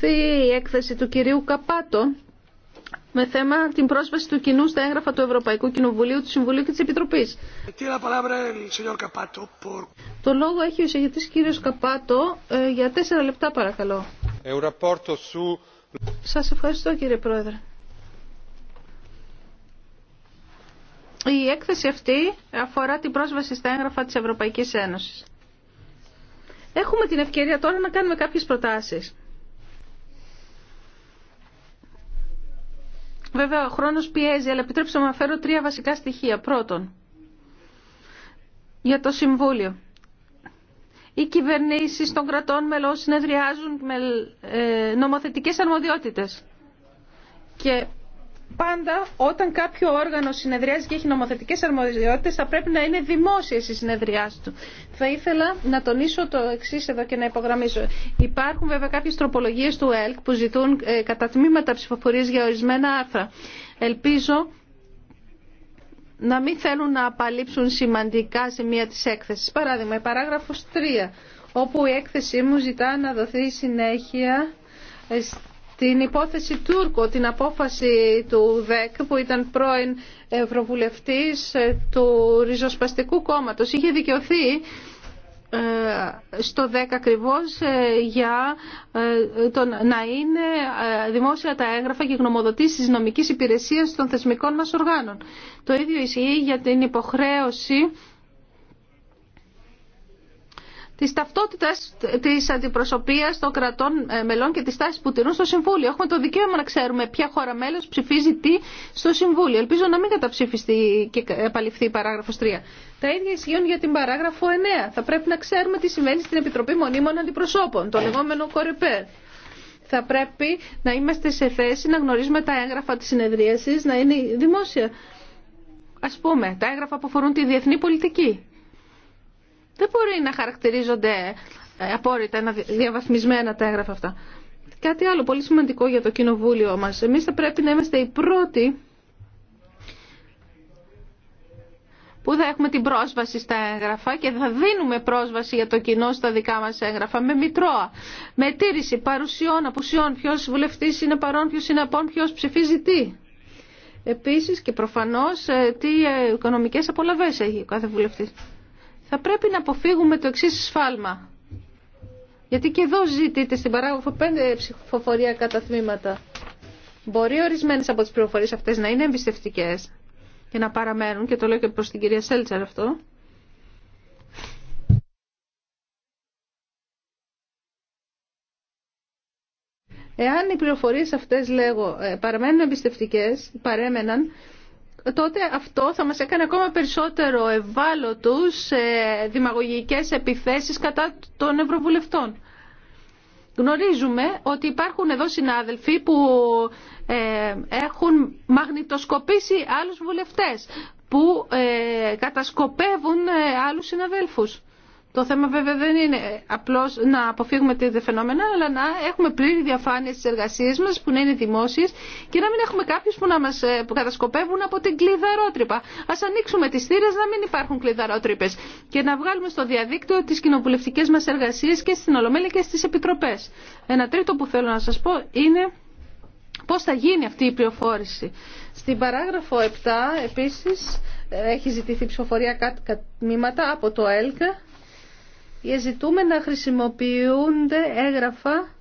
η έκθεση του κυρίου Καπάτο με θέμα την πρόσβαση του κοινού στα έγγραφα του Ευρωπαϊκού Κοινοβουλίου, του Συμβουλίου και της Επιτροπής. Το λόγο έχει ο εισηγητής κύριος Καπάτο ε, για τέσσερα λεπτά παρακαλώ. Σου... Σας ευχαριστώ κύριε Πρόεδρε. Η έκθεση αυτή αφορά την πρόσβαση στα έγγραφα της Ευρωπαϊκής Ένωσης. Έχουμε την ευκαιρία τώρα να κάνουμε κάποιες προτάσεις Βέβαια, ο χρόνος πιέζει, αλλά επιτρέψτε μου να φέρω τρία βασικά στοιχεία. Πρώτον, για το Συμβούλιο. Οι κυβερνήσει των κρατών μελών συνεδριάζουν με ε, νομοθετικές αρμοδιότητε. Και πάντα όταν κάποιο όργανο συνεδριάζει και έχει νομοθετικές αρμοδιότητες θα πρέπει να είναι δημόσιες η συνεδριάσεις του. Θα ήθελα να τονίσω το εξή εδώ και να υπογραμμίσω. Υπάρχουν βέβαια κάποιες τροπολογίες του ΕΛΚ που ζητούν ε, κατά τμήματα ψηφοφορίες για ορισμένα άρθρα. Ελπίζω να μην θέλουν να απαλείψουν σημαντικά σημεία της έκθεσης. Παράδειγμα, η παράγραφος 3, όπου η έκθεσή μου ζητά να δοθεί συνέχεια την υπόθεση Τούρκο, την απόφαση του ΔΕΚ που ήταν πρώην ευρωβουλευτής του ριζοσπαστικού κόμματος. Είχε δικαιωθεί ε, στο 10 ακριβώ ε, για ε, τον, να είναι δημόσια τα έγγραφα και γνωμοδοτήσει τη νομική υπηρεσίας των θεσμικών μας οργάνων. Το ίδιο ισχύει για την υποχρέωση Τη ταυτότητα τη αντιπροσωπεία των κρατών ε, μελών και τη τάση που τηρούν στο Συμβούλιο. Έχουμε το δικαίωμα να ξέρουμε ποια χώρα μέλο ψηφίζει τι στο Συμβούλιο. Ελπίζω να μην καταψηφιστεί και επαληφθεί η παράγραφος 3. Τα ίδια ισχύουν για την παράγραφο 9. Θα πρέπει να ξέρουμε τι συμβαίνει στην Επιτροπή Μονίμων Αντιπροσώπων, το λεγόμενο κορεπέρ. Θα πρέπει να είμαστε σε θέση να γνωρίζουμε τα έγγραφα τη συνεδρίαση να είναι δημόσια. Ας πούμε, τα έγγραφα που αφορούν τη διεθνή πολιτική δεν μπορεί να χαρακτηρίζονται ε, απόρριτα, διαβαθμισμένα τα έγγραφα αυτά. Κάτι άλλο πολύ σημαντικό για το κοινοβούλιο μας. Εμείς θα πρέπει να είμαστε οι πρώτοι που θα έχουμε την πρόσβαση στα έγγραφα και θα δίνουμε πρόσβαση για το κοινό στα δικά μας έγγραφα με μητρώα, με τήρηση παρουσιών, απουσιών, ποιος βουλευτής είναι παρόν, ποιος είναι απόν, ποιος ψηφίζει τι. Επίσης και προφανώς ε, τι ε, οικονομικές απολαβές έχει ο κάθε βουλευτής θα πρέπει να αποφύγουμε το εξή σφάλμα. Γιατί και εδώ ζητείτε στην παράγραφο 5 ψηφοφορία κατά τμήματα. Μπορεί ορισμένες από τις πληροφορίε αυτές να είναι εμπιστευτικέ και να παραμένουν, και το λέω και προ την κυρία Σέλτσαρ αυτό, Εάν οι πληροφορίε αυτές, λέγω, ε, παραμένουν εμπιστευτικέ, παρέμεναν, τότε αυτό θα μας έκανε ακόμα περισσότερο ευάλωτους ε, δημαγωγικές επιθέσεις κατά των Ευρωβουλευτών. Γνωρίζουμε ότι υπάρχουν εδώ συνάδελφοι που ε, έχουν μαγνητοσκοπήσει άλλους βουλευτές, που ε, κατασκοπεύουν ε, άλλους συναδέλφους. Το θέμα βέβαια δεν είναι απλώ να αποφύγουμε τέτοια φαινόμενα, αλλά να έχουμε πλήρη διαφάνεια στις εργασίες μα που να είναι δημόσιες και να μην έχουμε κάποιου που να μας ε, κατασκοπεύουν από την κλειδαρότρυπα. Α ανοίξουμε τι θύρε να μην υπάρχουν κλειδαρότρυπες και να βγάλουμε στο διαδίκτυο τι κοινοβουλευτικέ μα εργασίε και στην Ολομέλεια και στι επιτροπέ. Ένα τρίτο που θέλω να σα πω είναι πώ θα γίνει αυτή η πληροφόρηση. Στην παράγραφο 7 επίση ε, έχει ζητηθεί ψηφοφορία κάτι τμήματα από το ΕΛΚΑ ζητούμε να χρησιμοποιούνται έγγραφα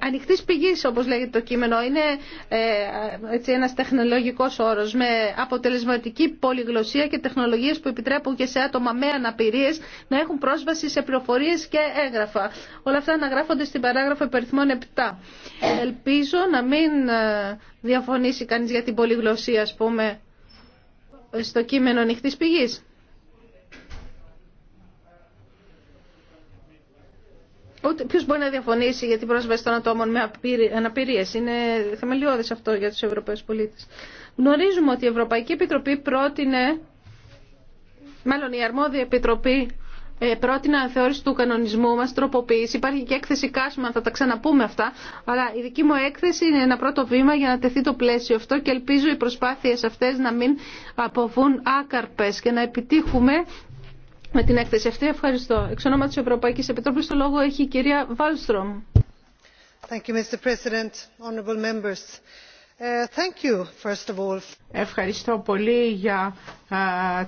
ανοιχτής πηγής όπως λέγεται το κείμενο είναι ε, έτσι, ένας τεχνολογικός όρος με αποτελεσματική πολυγλωσία και τεχνολογίες που επιτρέπουν και σε άτομα με αναπηρίες να έχουν πρόσβαση σε πληροφορίες και έγγραφα όλα αυτά αναγράφονται στην παράγραφο υπεριθμών 7 ελπίζω να μην ε, διαφωνήσει κανείς για την πολυγλωσία ας πούμε στο κείμενο ανοιχτή πηγή. Ποιο μπορεί να διαφωνήσει για την πρόσβαση των ατόμων με αναπηρίες. Είναι θεμελιώδες αυτό για τους Ευρωπαίους πολίτες. Γνωρίζουμε ότι η Ευρωπαϊκή Επιτροπή πρότεινε, μάλλον η αρμόδια Επιτροπή ε, πρότεινα θεώρηση του κανονισμού μα τροποποίηση. Υπάρχει και έκθεση Κάσμα, θα τα ξαναπούμε αυτά. Αλλά η δική μου έκθεση είναι ένα πρώτο βήμα για να τεθεί το πλαίσιο αυτό και ελπίζω οι προσπάθειε αυτέ να μην αποβούν άκαρπε και να επιτύχουμε με την έκθεση αυτή. Ευχαριστώ. Εξ ονόματο τη Ευρωπαϊκή Επιτροπή, το λόγο έχει η κυρία Βάλστρομ. Thank you, Mr. President, ε, Ευχαριστώ πολύ για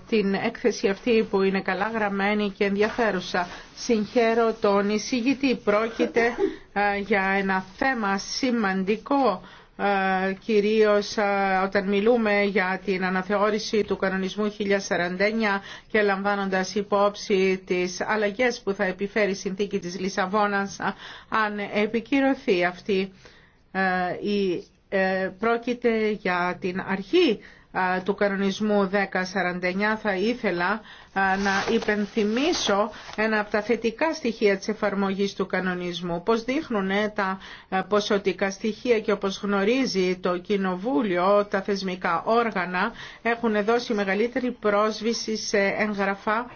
την έκθεση αυτή που είναι καλά γραμμένη και ενδιαφέρουσα. Συγχαίρω τον εισηγητή. Πρόκειται για ένα θέμα σημαντικό κυρίως όταν μιλούμε για την αναθεώρηση του κανονισμού 1049 και λαμβάνοντας υπόψη τις αλλαγές που θα επιφέρει η συνθήκη της Λισαβόνας αν επικυρωθεί αυτή η ε, πρόκειται για την αρχή του κανονισμού 1049 θα ήθελα να υπενθυμίσω ένα από τα θετικά στοιχεία της εφαρμογής του κανονισμού. Πώς δείχνουν τα ποσοτικά στοιχεία και όπως γνωρίζει το Κοινοβούλιο, τα θεσμικά όργανα έχουν δώσει μεγαλύτερη πρόσβηση σε εγγραφά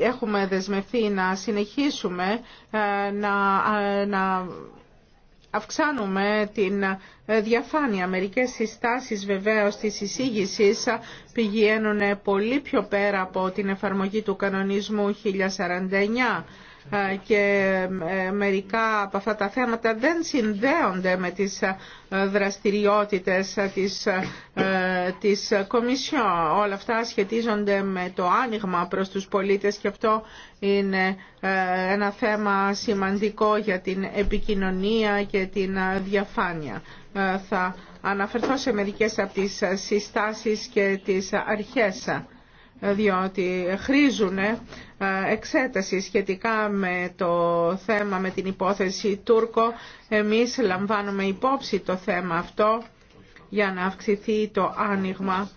Έχουμε δεσμευτεί να συνεχίσουμε να, να αυξάνουμε την ε, διαφάνεια. Μερικές συστάσεις βεβαίως της εισήγηση πηγαίνουν πολύ πιο πέρα από την εφαρμογή του κανονισμού 1049 και ε, μερικά από αυτά τα θέματα δεν συνδέονται με τις ε, δραστηριότητες της, ε, της Κομισιόν. Όλα αυτά σχετίζονται με το άνοιγμα προς τους πολίτες και αυτό είναι ένα θέμα σημαντικό για την επικοινωνία και την διαφάνεια. Θα αναφερθώ σε μερικές από τις συστάσεις και τις αρχές διότι χρήζουν ε, εξέταση σχετικά με το θέμα, με την υπόθεση Τούρκο. Εμείς λαμβάνουμε υπόψη το θέμα αυτό για να αυξηθεί το άνοιγμα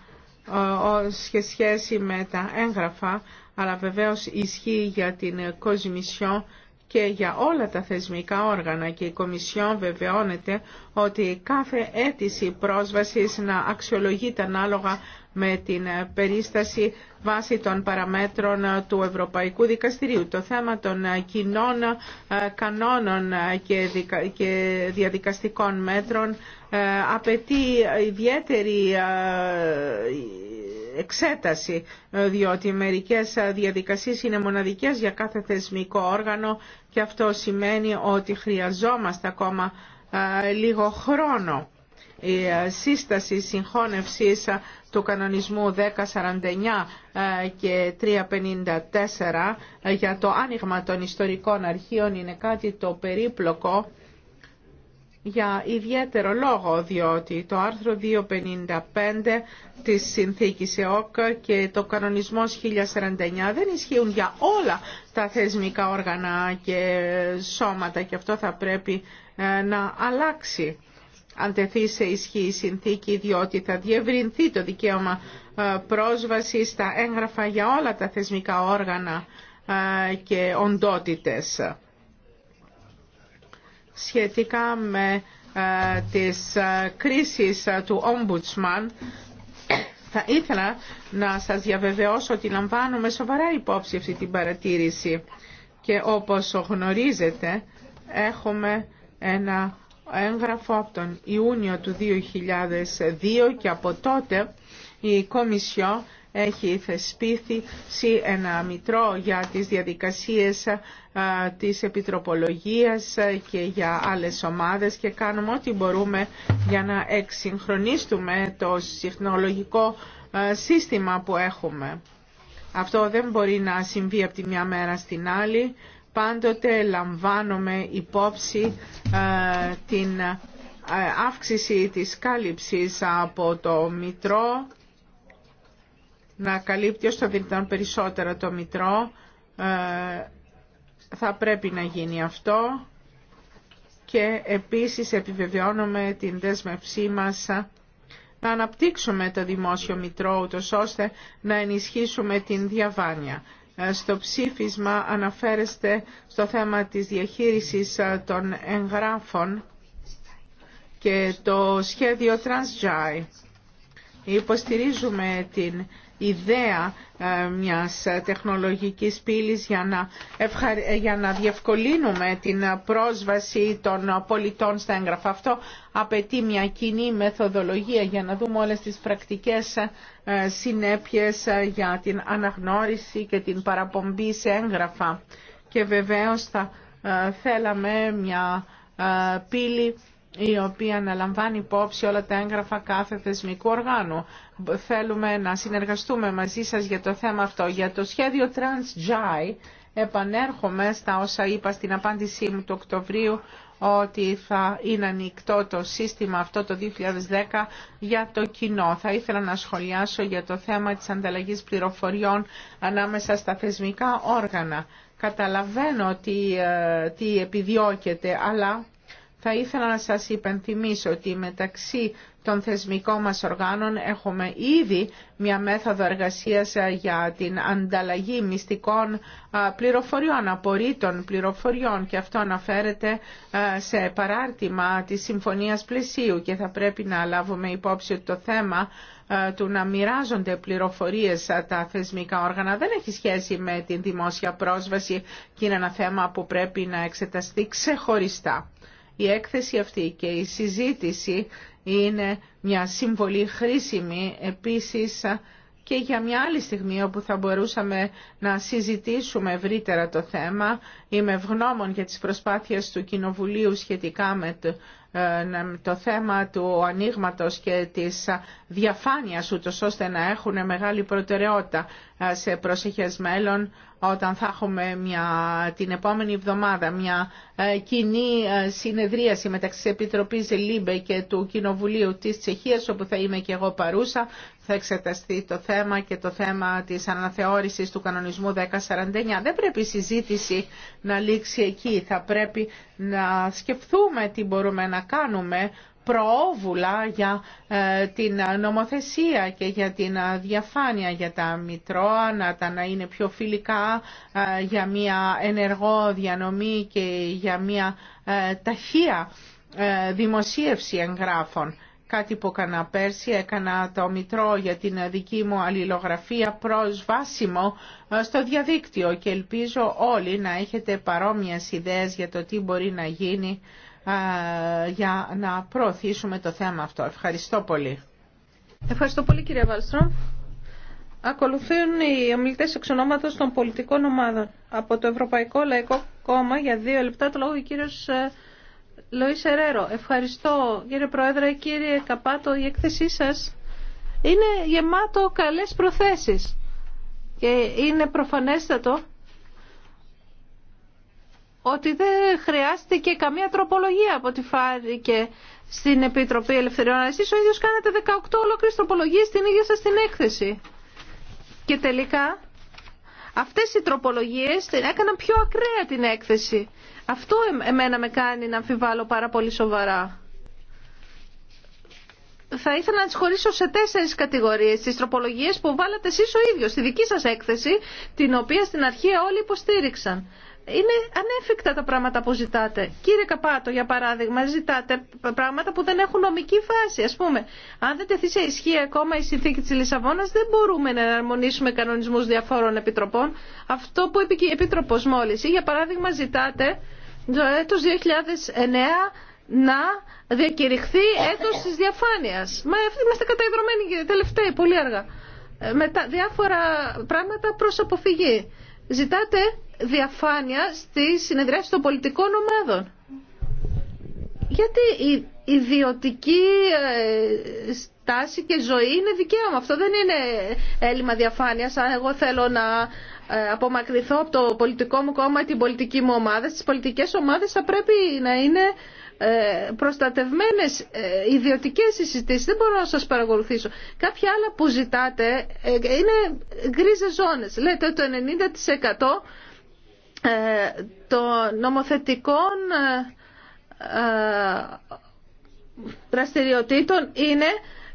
ε, σε σχέση με τα έγγραφα, αλλά βεβαίως ισχύει για την Κοσμισιόν και για όλα τα θεσμικά όργανα και η Κομισιόν βεβαιώνεται ότι κάθε αίτηση πρόσβασης να αξιολογείται ανάλογα με την περίσταση βάσει των παραμέτρων του Ευρωπαϊκού Δικαστηρίου. Το θέμα των κοινών ε, κανόνων και διαδικαστικών μέτρων ε, απαιτεί ιδιαίτερη ε, εξέταση, διότι μερικές διαδικασίες είναι μοναδικές για κάθε θεσμικό όργανο και αυτό σημαίνει ότι χρειαζόμαστε ακόμα λίγο χρόνο η ε, σύσταση συγχώνευσης ε, του κανονισμού 1049 ε, και 354 για το άνοιγμα των ιστορικών αρχείων είναι κάτι το περίπλοκο για ιδιαίτερο λόγο, διότι το άρθρο 255 της Συνθήκης ΕΟΚ και το κανονισμός 1049 δεν ισχύουν για όλα τα θεσμικά όργανα και σώματα και αυτό θα πρέπει να αλλάξει αν τεθεί σε ισχύ η συνθήκη, διότι θα διευρυνθεί το δικαίωμα ε, πρόσβαση στα έγγραφα για όλα τα θεσμικά όργανα ε, και οντότητες. Σχετικά με ε, τις κρίσεις του Ombudsman, θα ήθελα να σας διαβεβαιώσω ότι λαμβάνουμε σοβαρά υπόψη αυτή την παρατήρηση και όπως γνωρίζετε έχουμε ένα έγγραφο από τον Ιούνιο του 2002 και από τότε η Κομισιό έχει θεσπίθει ένα μητρό για τις διαδικασίες της επιτροπολογίας και για άλλες ομάδες και κάνουμε ό,τι μπορούμε για να εξυγχρονίσουμε το συχνολογικό σύστημα που έχουμε. Αυτό δεν μπορεί να συμβεί από τη μια μέρα στην άλλη πάντοτε λαμβάνουμε υπόψη ε, την ε, αύξηση της κάλυψης από το μητρό να καλύπτει όσο δυνατόν περισσότερο το μητρό ε, θα πρέπει να γίνει αυτό και επίσης επιβεβαιώνουμε την δέσμευσή μας να αναπτύξουμε το δημόσιο μητρό ούτως ώστε να ενισχύσουμε την διαβάνεια. Ε, στο ψήφισμα αναφέρεστε στο θέμα της διαχείρισης ε, των εγγράφων και το σχέδιο Transjai. Υποστηρίζουμε την ιδέα ε, μιας τεχνολογικής πύλης για να, ε, για να διευκολύνουμε την πρόσβαση των πολιτών στα έγγραφα. Αυτό απαιτεί μια κοινή μεθοδολογία για να δούμε όλες τις πρακτικές ε, συνέπειες για την αναγνώριση και την παραπομπή σε έγγραφα. Και βεβαίως θα θέλαμε μια πύλη η οποία αναλαμβάνει λαμβάνει υπόψη όλα τα έγγραφα κάθε θεσμικού οργάνου. Θέλουμε να συνεργαστούμε μαζί σας για το θέμα αυτό. Για το σχέδιο TransGI επανέρχομαι στα όσα είπα στην απάντησή μου του Οκτωβρίου ότι θα είναι ανοιχτό το σύστημα αυτό το 2010 για το κοινό. Θα ήθελα να σχολιάσω για το θέμα της ανταλλαγής πληροφοριών ανάμεσα στα θεσμικά όργανα. Καταλαβαίνω τι, ε, τι επιδιώκεται, αλλά θα ήθελα να σας υπενθυμίσω ότι μεταξύ των θεσμικών μας οργάνων έχουμε ήδη μια μέθοδο εργασίας ε, για την ανταλλαγή μυστικών πληροφοριών, απορρίτων πληροφοριών και αυτό αναφέρεται ε, σε παράρτημα της Συμφωνίας Πλαισίου και θα πρέπει να λάβουμε υπόψη ότι το θέμα ε, του να μοιράζονται πληροφορίες τα θεσμικά όργανα δεν έχει σχέση με την δημόσια πρόσβαση και είναι ένα θέμα που πρέπει να εξεταστεί ξεχωριστά η έκθεση αυτή και η συζήτηση είναι μια συμβολή χρήσιμη επίσης και για μια άλλη στιγμή όπου θα μπορούσαμε να συζητήσουμε ευρύτερα το θέμα Είμαι ευγνώμων για τις προσπάθειες του Κοινοβουλίου σχετικά με το ε, θέμα του ανοίγματο και της διαφάνειας ούτως ώστε να έχουν μεγάλη προτεραιότητα ε, σε προσεχές μέλλον όταν θα έχουμε μια, την επόμενη εβδομάδα μια ε, κοινή συνεδρίαση μεταξύ της Επιτροπής ΛΥΜΠΕ και του Κοινοβουλίου της Τσεχίας όπου θα είμαι και εγώ παρούσα θα εξεταστεί το θέμα και το θέμα της αναθεώρησης του κανονισμού 1049. Δεν πρέπει η συζήτηση να λήξει εκεί. Θα πρέπει να σκεφτούμε τι μπορούμε να κάνουμε προόβουλα για ε, την νομοθεσία και για την διαφάνεια για τα μητρώα, να τα να είναι πιο φιλικά ε, για μια ενεργό διανομή και για μια ε, ταχεία δημοσίευση εγγράφων κάτι που έκανα πέρσι, έκανα το μητρό για την δική μου αλληλογραφία προσβάσιμο ε, στο διαδίκτυο και ελπίζω όλοι να έχετε παρόμοιες ιδέες για το τι μπορεί να γίνει ε, για να προωθήσουμε το θέμα αυτό. Ευχαριστώ πολύ. Ευχαριστώ πολύ κύριε Βάλστρο. Ακολουθούν οι ομιλητές εξ των πολιτικών ομάδων. Από το Ευρωπαϊκό Λαϊκό Κόμμα για δύο λεπτά το λόγο ο κύριος ε, Λοή Σερέρο, ευχαριστώ κύριε Πρόεδρε, κύριε Καπάτο, η έκθεσή σας είναι γεμάτο καλές προθέσεις και είναι προφανέστατο ότι δεν χρειάστηκε καμία τροπολογία από ό,τι φάρηκε στην Επιτροπή Ελευθεριών. Εσείς ο ίδιος κάνατε 18 ολόκληρες τροπολογίες στην ίδια σας την έκθεση. Και τελικά Αυτές οι τροπολογίες έκαναν πιο ακραία την έκθεση. Αυτό εμένα με κάνει να αμφιβάλλω πάρα πολύ σοβαρά. Θα ήθελα να τις χωρίσω σε τέσσερις κατηγορίες, τις τροπολογίες που βάλατε εσείς ο ίδιος, στη δική σας έκθεση, την οποία στην αρχή όλοι υποστήριξαν είναι ανέφικτα τα πράγματα που ζητάτε. Κύριε Καπάτο, για παράδειγμα, ζητάτε πράγματα που δεν έχουν νομική βάση. Α πούμε, αν δεν τεθεί σε ισχύ ακόμα η συνθήκη τη Λισαβόνα δεν μπορούμε να εναρμονίσουμε κανονισμού διαφόρων επιτροπών. Αυτό που είπε και η Επίτροπος μόλις. για παράδειγμα, ζητάτε το έτο 2009 να διακηρυχθεί έτος της διαφάνειας. Μα είμαστε καταϊδρωμένοι και τελευταίοι, πολύ αργά. Ε, Με τα διάφορα πράγματα προς αποφυγή. Ζητάτε διαφάνεια στη συνεδριάση των πολιτικών ομάδων. Γιατί η ιδιωτική ε, στάση και ζωή είναι δικαίωμα. Αυτό δεν είναι έλλειμμα διαφάνειας. Αν εγώ θέλω να ε, απομακρυνθώ από το πολιτικό μου κόμμα ή την πολιτική μου ομάδα, στις πολιτικές ομάδες θα πρέπει να είναι ε, προστατευμένες ιδιωτικές συζητήσεις. Δεν μπορώ να σας παρακολουθήσω. Κάποια άλλα που ζητάτε είναι γκρίζες ζώνες. Λέτε ότι το 90% το νομοθετικών ε, ε, δραστηριοτήτων είναι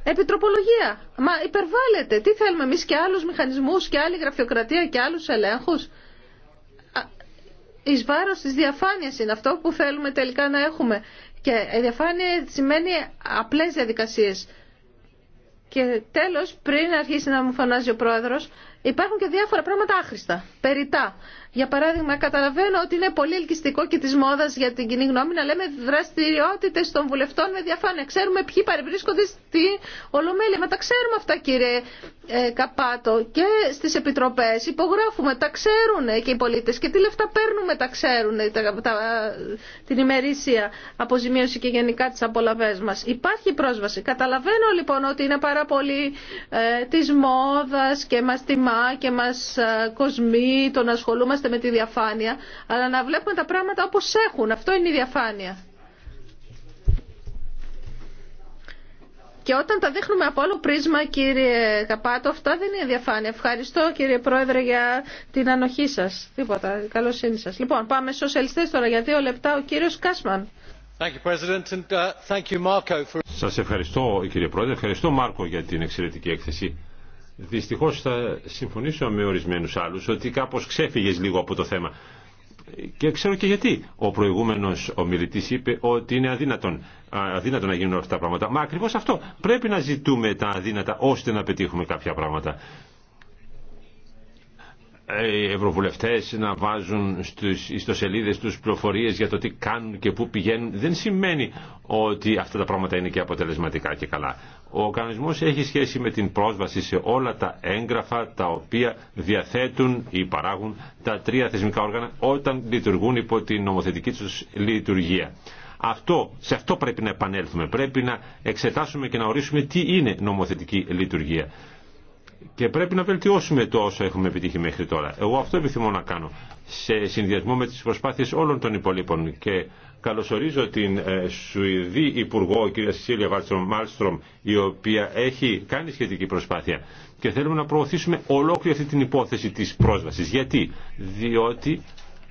επιτροπολογία. Μα υπερβάλλεται. Τι θέλουμε εμείς και άλλους μηχανισμούς και άλλη γραφειοκρατία και άλλους ελέγχους. Εις βάρος της διαφάνειας είναι αυτό που θέλουμε τελικά να έχουμε. Και η διαφάνεια σημαίνει απλές διαδικασίες. Και τέλος, πριν αρχίσει να μου φωνάζει ο πρόεδρος, υπάρχουν και διάφορα πράγματα άχρηστα, περιτά. Για παράδειγμα, καταλαβαίνω ότι είναι πολύ ελκυστικό και τη μόδα για την κοινή γνώμη να λέμε δραστηριότητε των βουλευτών με διαφάνεια. Ξέρουμε ποιοι παρευρίσκονται στη Ολομέλεια. Μα τα ξέρουμε αυτά, κύριε ε, Καπάτο. Και στι επιτροπέ υπογράφουμε, τα ξέρουν και οι πολίτε. Και τι λεφτά παίρνουμε, τα ξέρουν τα, τα, την ημερήσια αποζημίωση και γενικά τι απολαυέ μα. Υπάρχει πρόσβαση. Καταλαβαίνω λοιπόν ότι είναι πάρα πολύ ε, τη μόδα και μα τιμά και μα ε, κοσμεί το να ασχολούμαστε με τη διαφάνεια, αλλά να βλέπουμε τα πράγματα όπως έχουν. Αυτό είναι η διαφάνεια. Και όταν τα δείχνουμε από άλλο πρίσμα, κύριε Καπάτο, αυτά δεν είναι διαφάνεια. Ευχαριστώ, κύριε Πρόεδρε, για την ανοχή σα. Τίποτα. Καλωσύνη σα. Λοιπόν, πάμε στου σοσιαλιστέ τώρα για δύο λεπτά. Ο κύριο Κάσμαν. Uh, σα ευχαριστώ, κύριε Πρόεδρε. Ευχαριστώ, Μάρκο, για την εξαιρετική έκθεση. Δυστυχώς θα συμφωνήσω με ορισμένους άλλους ότι κάπως ξέφυγες λίγο από το θέμα. Και ξέρω και γιατί. Ο προηγούμενος ομιλητής είπε ότι είναι αδύνατον, αδύνατο να γίνουν αυτά τα πράγματα. Μα ακριβώς αυτό. Πρέπει να ζητούμε τα αδύνατα ώστε να πετύχουμε κάποια πράγματα. Ε, οι ευρωβουλευτές να βάζουν στους ιστοσελίδες τους πληροφορίες για το τι κάνουν και πού πηγαίνουν δεν σημαίνει ότι αυτά τα πράγματα είναι και αποτελεσματικά και καλά. Ο οργανισμός έχει σχέση με την πρόσβαση σε όλα τα έγγραφα τα οποία διαθέτουν ή παράγουν τα τρία θεσμικά όργανα όταν λειτουργούν υπό την νομοθετική τους λειτουργία. Αυτό, σε αυτό πρέπει να επανέλθουμε. Πρέπει να εξετάσουμε και να ορίσουμε τι είναι νομοθετική λειτουργία. Και πρέπει να βελτιώσουμε το όσο έχουμε επιτύχει μέχρι τώρα. Εγώ αυτό επιθυμώ να κάνω σε συνδυασμό με τις προσπάθειες όλων των υπολείπων και Καλωσορίζω την ε, Σουηδή Υπουργό, κυρία Σίλια Μάλστρομ, η οποία έχει κάνει σχετική προσπάθεια και θέλουμε να προωθήσουμε ολόκληρη αυτή την υπόθεση της πρόσβασης. Γιατί? Διότι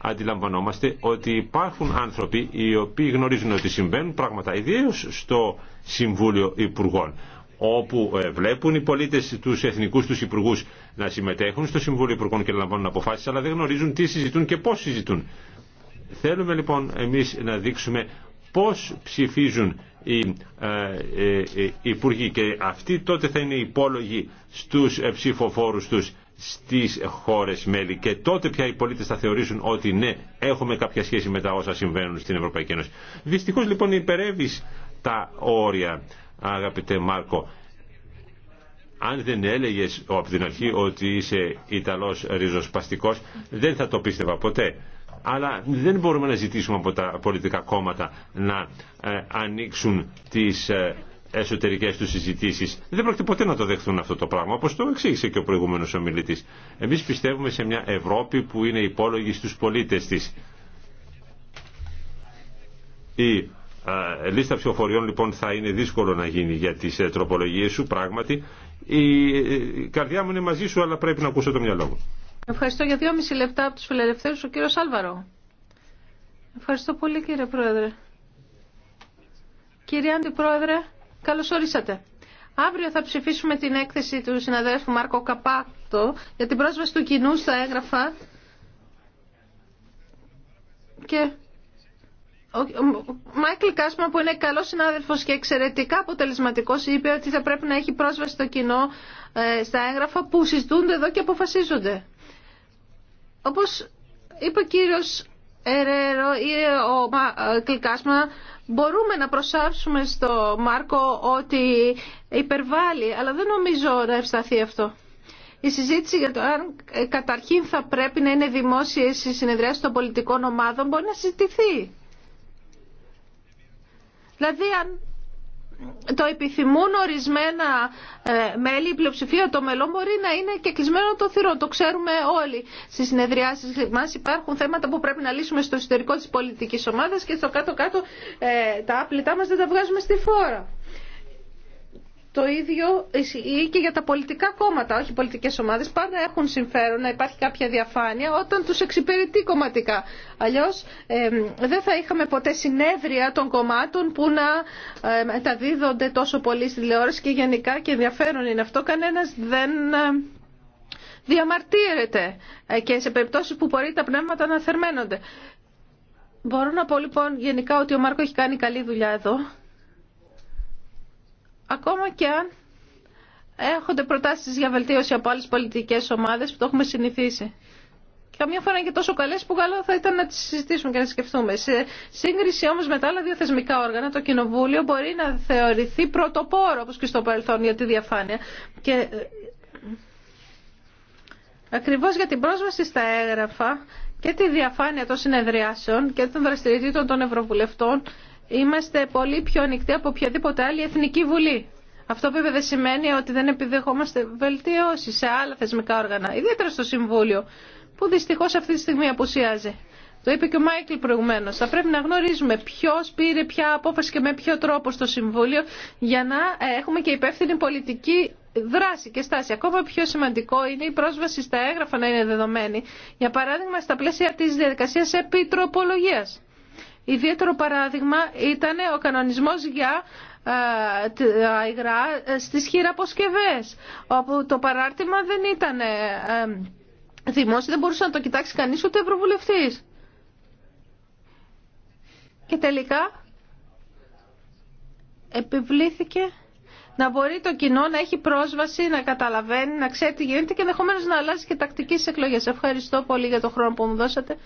αντιλαμβανόμαστε ότι υπάρχουν άνθρωποι οι οποίοι γνωρίζουν ότι συμβαίνουν πράγματα, ιδίω στο Συμβούλιο Υπουργών όπου ε, βλέπουν οι πολίτε του εθνικού του υπουργού να συμμετέχουν στο Συμβούλιο Υπουργών και να λαμβάνουν αποφάσει, αλλά δεν γνωρίζουν τι συζητούν και πώ συζητούν. Θέλουμε λοιπόν εμείς να δείξουμε πώς ψηφίζουν οι ε, ε, ε, υπουργοί και αυτοί τότε θα είναι υπόλογοι στους ψηφοφόρους τους στις χώρες μέλη και τότε πια οι πολίτες θα θεωρήσουν ότι ναι έχουμε κάποια σχέση με τα όσα συμβαίνουν στην Ευρωπαϊκή Ένωση. Δυστυχώς λοιπόν υπερεύεις τα όρια αγαπητέ Μάρκο. Αν δεν έλεγες από την αρχή ότι είσαι Ιταλός ριζοσπαστικός δεν θα το πίστευα ποτέ αλλά δεν μπορούμε να ζητήσουμε από τα πολιτικά κόμματα να ε, ανοίξουν τις ε, εσωτερικές τους συζητήσεις. Δεν πρόκειται ποτέ να το δεχθούν αυτό το πράγμα, όπως το εξήγησε και ο προηγούμενος ομιλητής. Εμείς πιστεύουμε σε μια Ευρώπη που είναι υπόλογη στους πολίτες της. Η ε, λίστα ψηφοφοριών λοιπόν θα είναι δύσκολο να γίνει για τις τροπολογίες σου, πράγματι. Η καρδιά μου είναι μαζί σου, αλλά πρέπει να ακούσω το μυαλό μου. Ευχαριστώ για δύο μισή λεπτά από του φιλελευθέρου, ο κύριο Άλβαρο. Ευχαριστώ πολύ κύριε Πρόεδρε. Κύριε Αντιπρόεδρε, καλώ όρισατε. Αύριο θα ψηφίσουμε την έκθεση του συναδέλφου Μάρκο Καπάκτο για την πρόσβαση του κοινού στα έγγραφα και ο Μάικλ Κάσμα που είναι καλό συνάδελφο και εξαιρετικά αποτελεσματικό είπε ότι θα πρέπει να έχει πρόσβαση στο κοινό ε, στα έγγραφα που συζητούνται εδώ και αποφασίζονται. Όπως είπε ο κύριος Ερέρο ή ο ε, Κλικάσμα, μπορούμε να προσάψουμε στο Μάρκο ότι υπερβάλλει, αλλά δεν νομίζω να ευσταθεί αυτό. Η συζήτηση για το αν ε, καταρχήν θα πρέπει να είναι δημόσια η συνεδρία των πολιτικών ομάδων μπορεί να συζητηθεί. Δηλαδή αν το επιθυμούν ορισμένα ε, μέλη, η πλειοψηφία των μελών μπορεί να είναι και κλεισμένο το θύρο Το ξέρουμε όλοι. Στι συνεδριάσει μα υπάρχουν θέματα που πρέπει να λύσουμε στο εσωτερικό τη πολιτική ομάδα και στο κάτω-κάτω ε, τα άπλητά μα δεν τα βγάζουμε στη φόρα. Το ίδιο ισχύει και για τα πολιτικά κόμματα, όχι πολιτικές ομάδες. Πάντα έχουν συμφέρον να υπάρχει κάποια διαφάνεια όταν τους εξυπηρετεί κομματικά. Αλλιώς δεν θα είχαμε ποτέ συνέδρια των κομμάτων που να τα δίδονται τόσο πολύ στη τηλεόραση και γενικά και ενδιαφέρον είναι αυτό. Κανένας δεν διαμαρτύρεται ε, και σε περιπτώσεις που μπορεί τα πνεύματα να θερμαίνονται. Μπορώ να πω λοιπόν γενικά ότι ο Μάρκο έχει κάνει καλή δουλειά εδώ Ακόμα και αν έχονται προτάσεις για βελτίωση από άλλες πολιτικές ομάδες που το έχουμε συνηθίσει. Καμιά φορά είναι και τόσο καλές που καλό θα ήταν να τις συζητήσουμε και να σκεφτούμε. Σε σύγκριση όμως με τα άλλα δύο θεσμικά όργανα, το Κοινοβούλιο μπορεί να θεωρηθεί πρωτοπόρο, όπως και στο παρελθόν, για τη διαφάνεια. Και... Ε, ακριβώς για την πρόσβαση στα έγγραφα και τη διαφάνεια των συνεδριάσεων και των δραστηριοτήτων των Ευρωβουλευτών είμαστε πολύ πιο ανοιχτοί από οποιαδήποτε άλλη Εθνική Βουλή. Αυτό βέβαια δεν σημαίνει ότι δεν επιδεχόμαστε βελτιώσει σε άλλα θεσμικά όργανα, ιδιαίτερα στο Συμβούλιο, που δυστυχώ αυτή τη στιγμή απουσιάζει. Το είπε και ο Μάικλ προηγουμένω. Θα πρέπει να γνωρίζουμε ποιο πήρε ποια απόφαση και με ποιο τρόπο στο Συμβούλιο για να ε, έχουμε και υπεύθυνη πολιτική δράση και στάση. Ακόμα πιο σημαντικό είναι η πρόσβαση στα έγγραφα να είναι δεδομένη. Για παράδειγμα, στα πλαίσια τη διαδικασία επιτροπολογία. Ιδιαίτερο παράδειγμα ήταν ο κανονισμός για ε, τα υγρά ε, στις χειραποσκευές, όπου το παράρτημα δεν ήταν ε, δημόσιο, δεν μπορούσε να το κοιτάξει κανείς ούτε ευρωβουλευτής. Και τελικά επιβλήθηκε να μπορεί το κοινό να έχει πρόσβαση, να καταλαβαίνει, να ξέρει τι γίνεται και ενδεχομένω να αλλάζει και τακτική σε εκλογέ. Ευχαριστώ πολύ για τον χρόνο που μου δώσατε.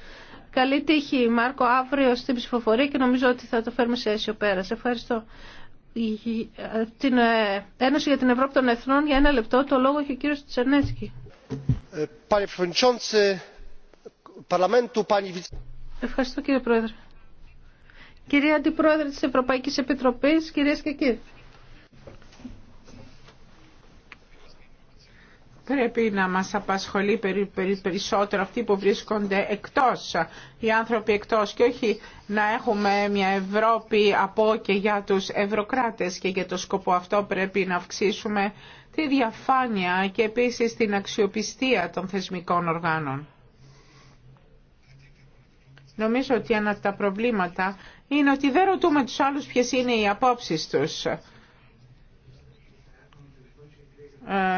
Καλή τύχη Μάρκο αύριο στην ψηφοφορία και νομίζω ότι θα το φέρουμε σε αίσιο πέρα. Σε ευχαριστώ. Την ε, Ένωση για την Ευρώπη των Εθνών για ένα λεπτό το λόγο έχει ο κύριος Τσενέσκι. Ε, ευχαριστώ κύριε Πρόεδρε. Κυρία Αντιπρόεδρε της Ευρωπαϊκής Επιτροπής, κυρίε και κύριοι. πρέπει να μας απασχολεί περι, περισσότερο αυτοί που βρίσκονται εκτός, οι άνθρωποι εκτός και όχι να έχουμε μια Ευρώπη από και για τους ευρωκράτες και για το σκοπό αυτό πρέπει να αυξήσουμε τη διαφάνεια και επίσης την αξιοπιστία των θεσμικών οργάνων. Νομίζω ότι ένα από τα προβλήματα είναι ότι δεν ρωτούμε τους άλλους ποιες είναι οι απόψεις τους.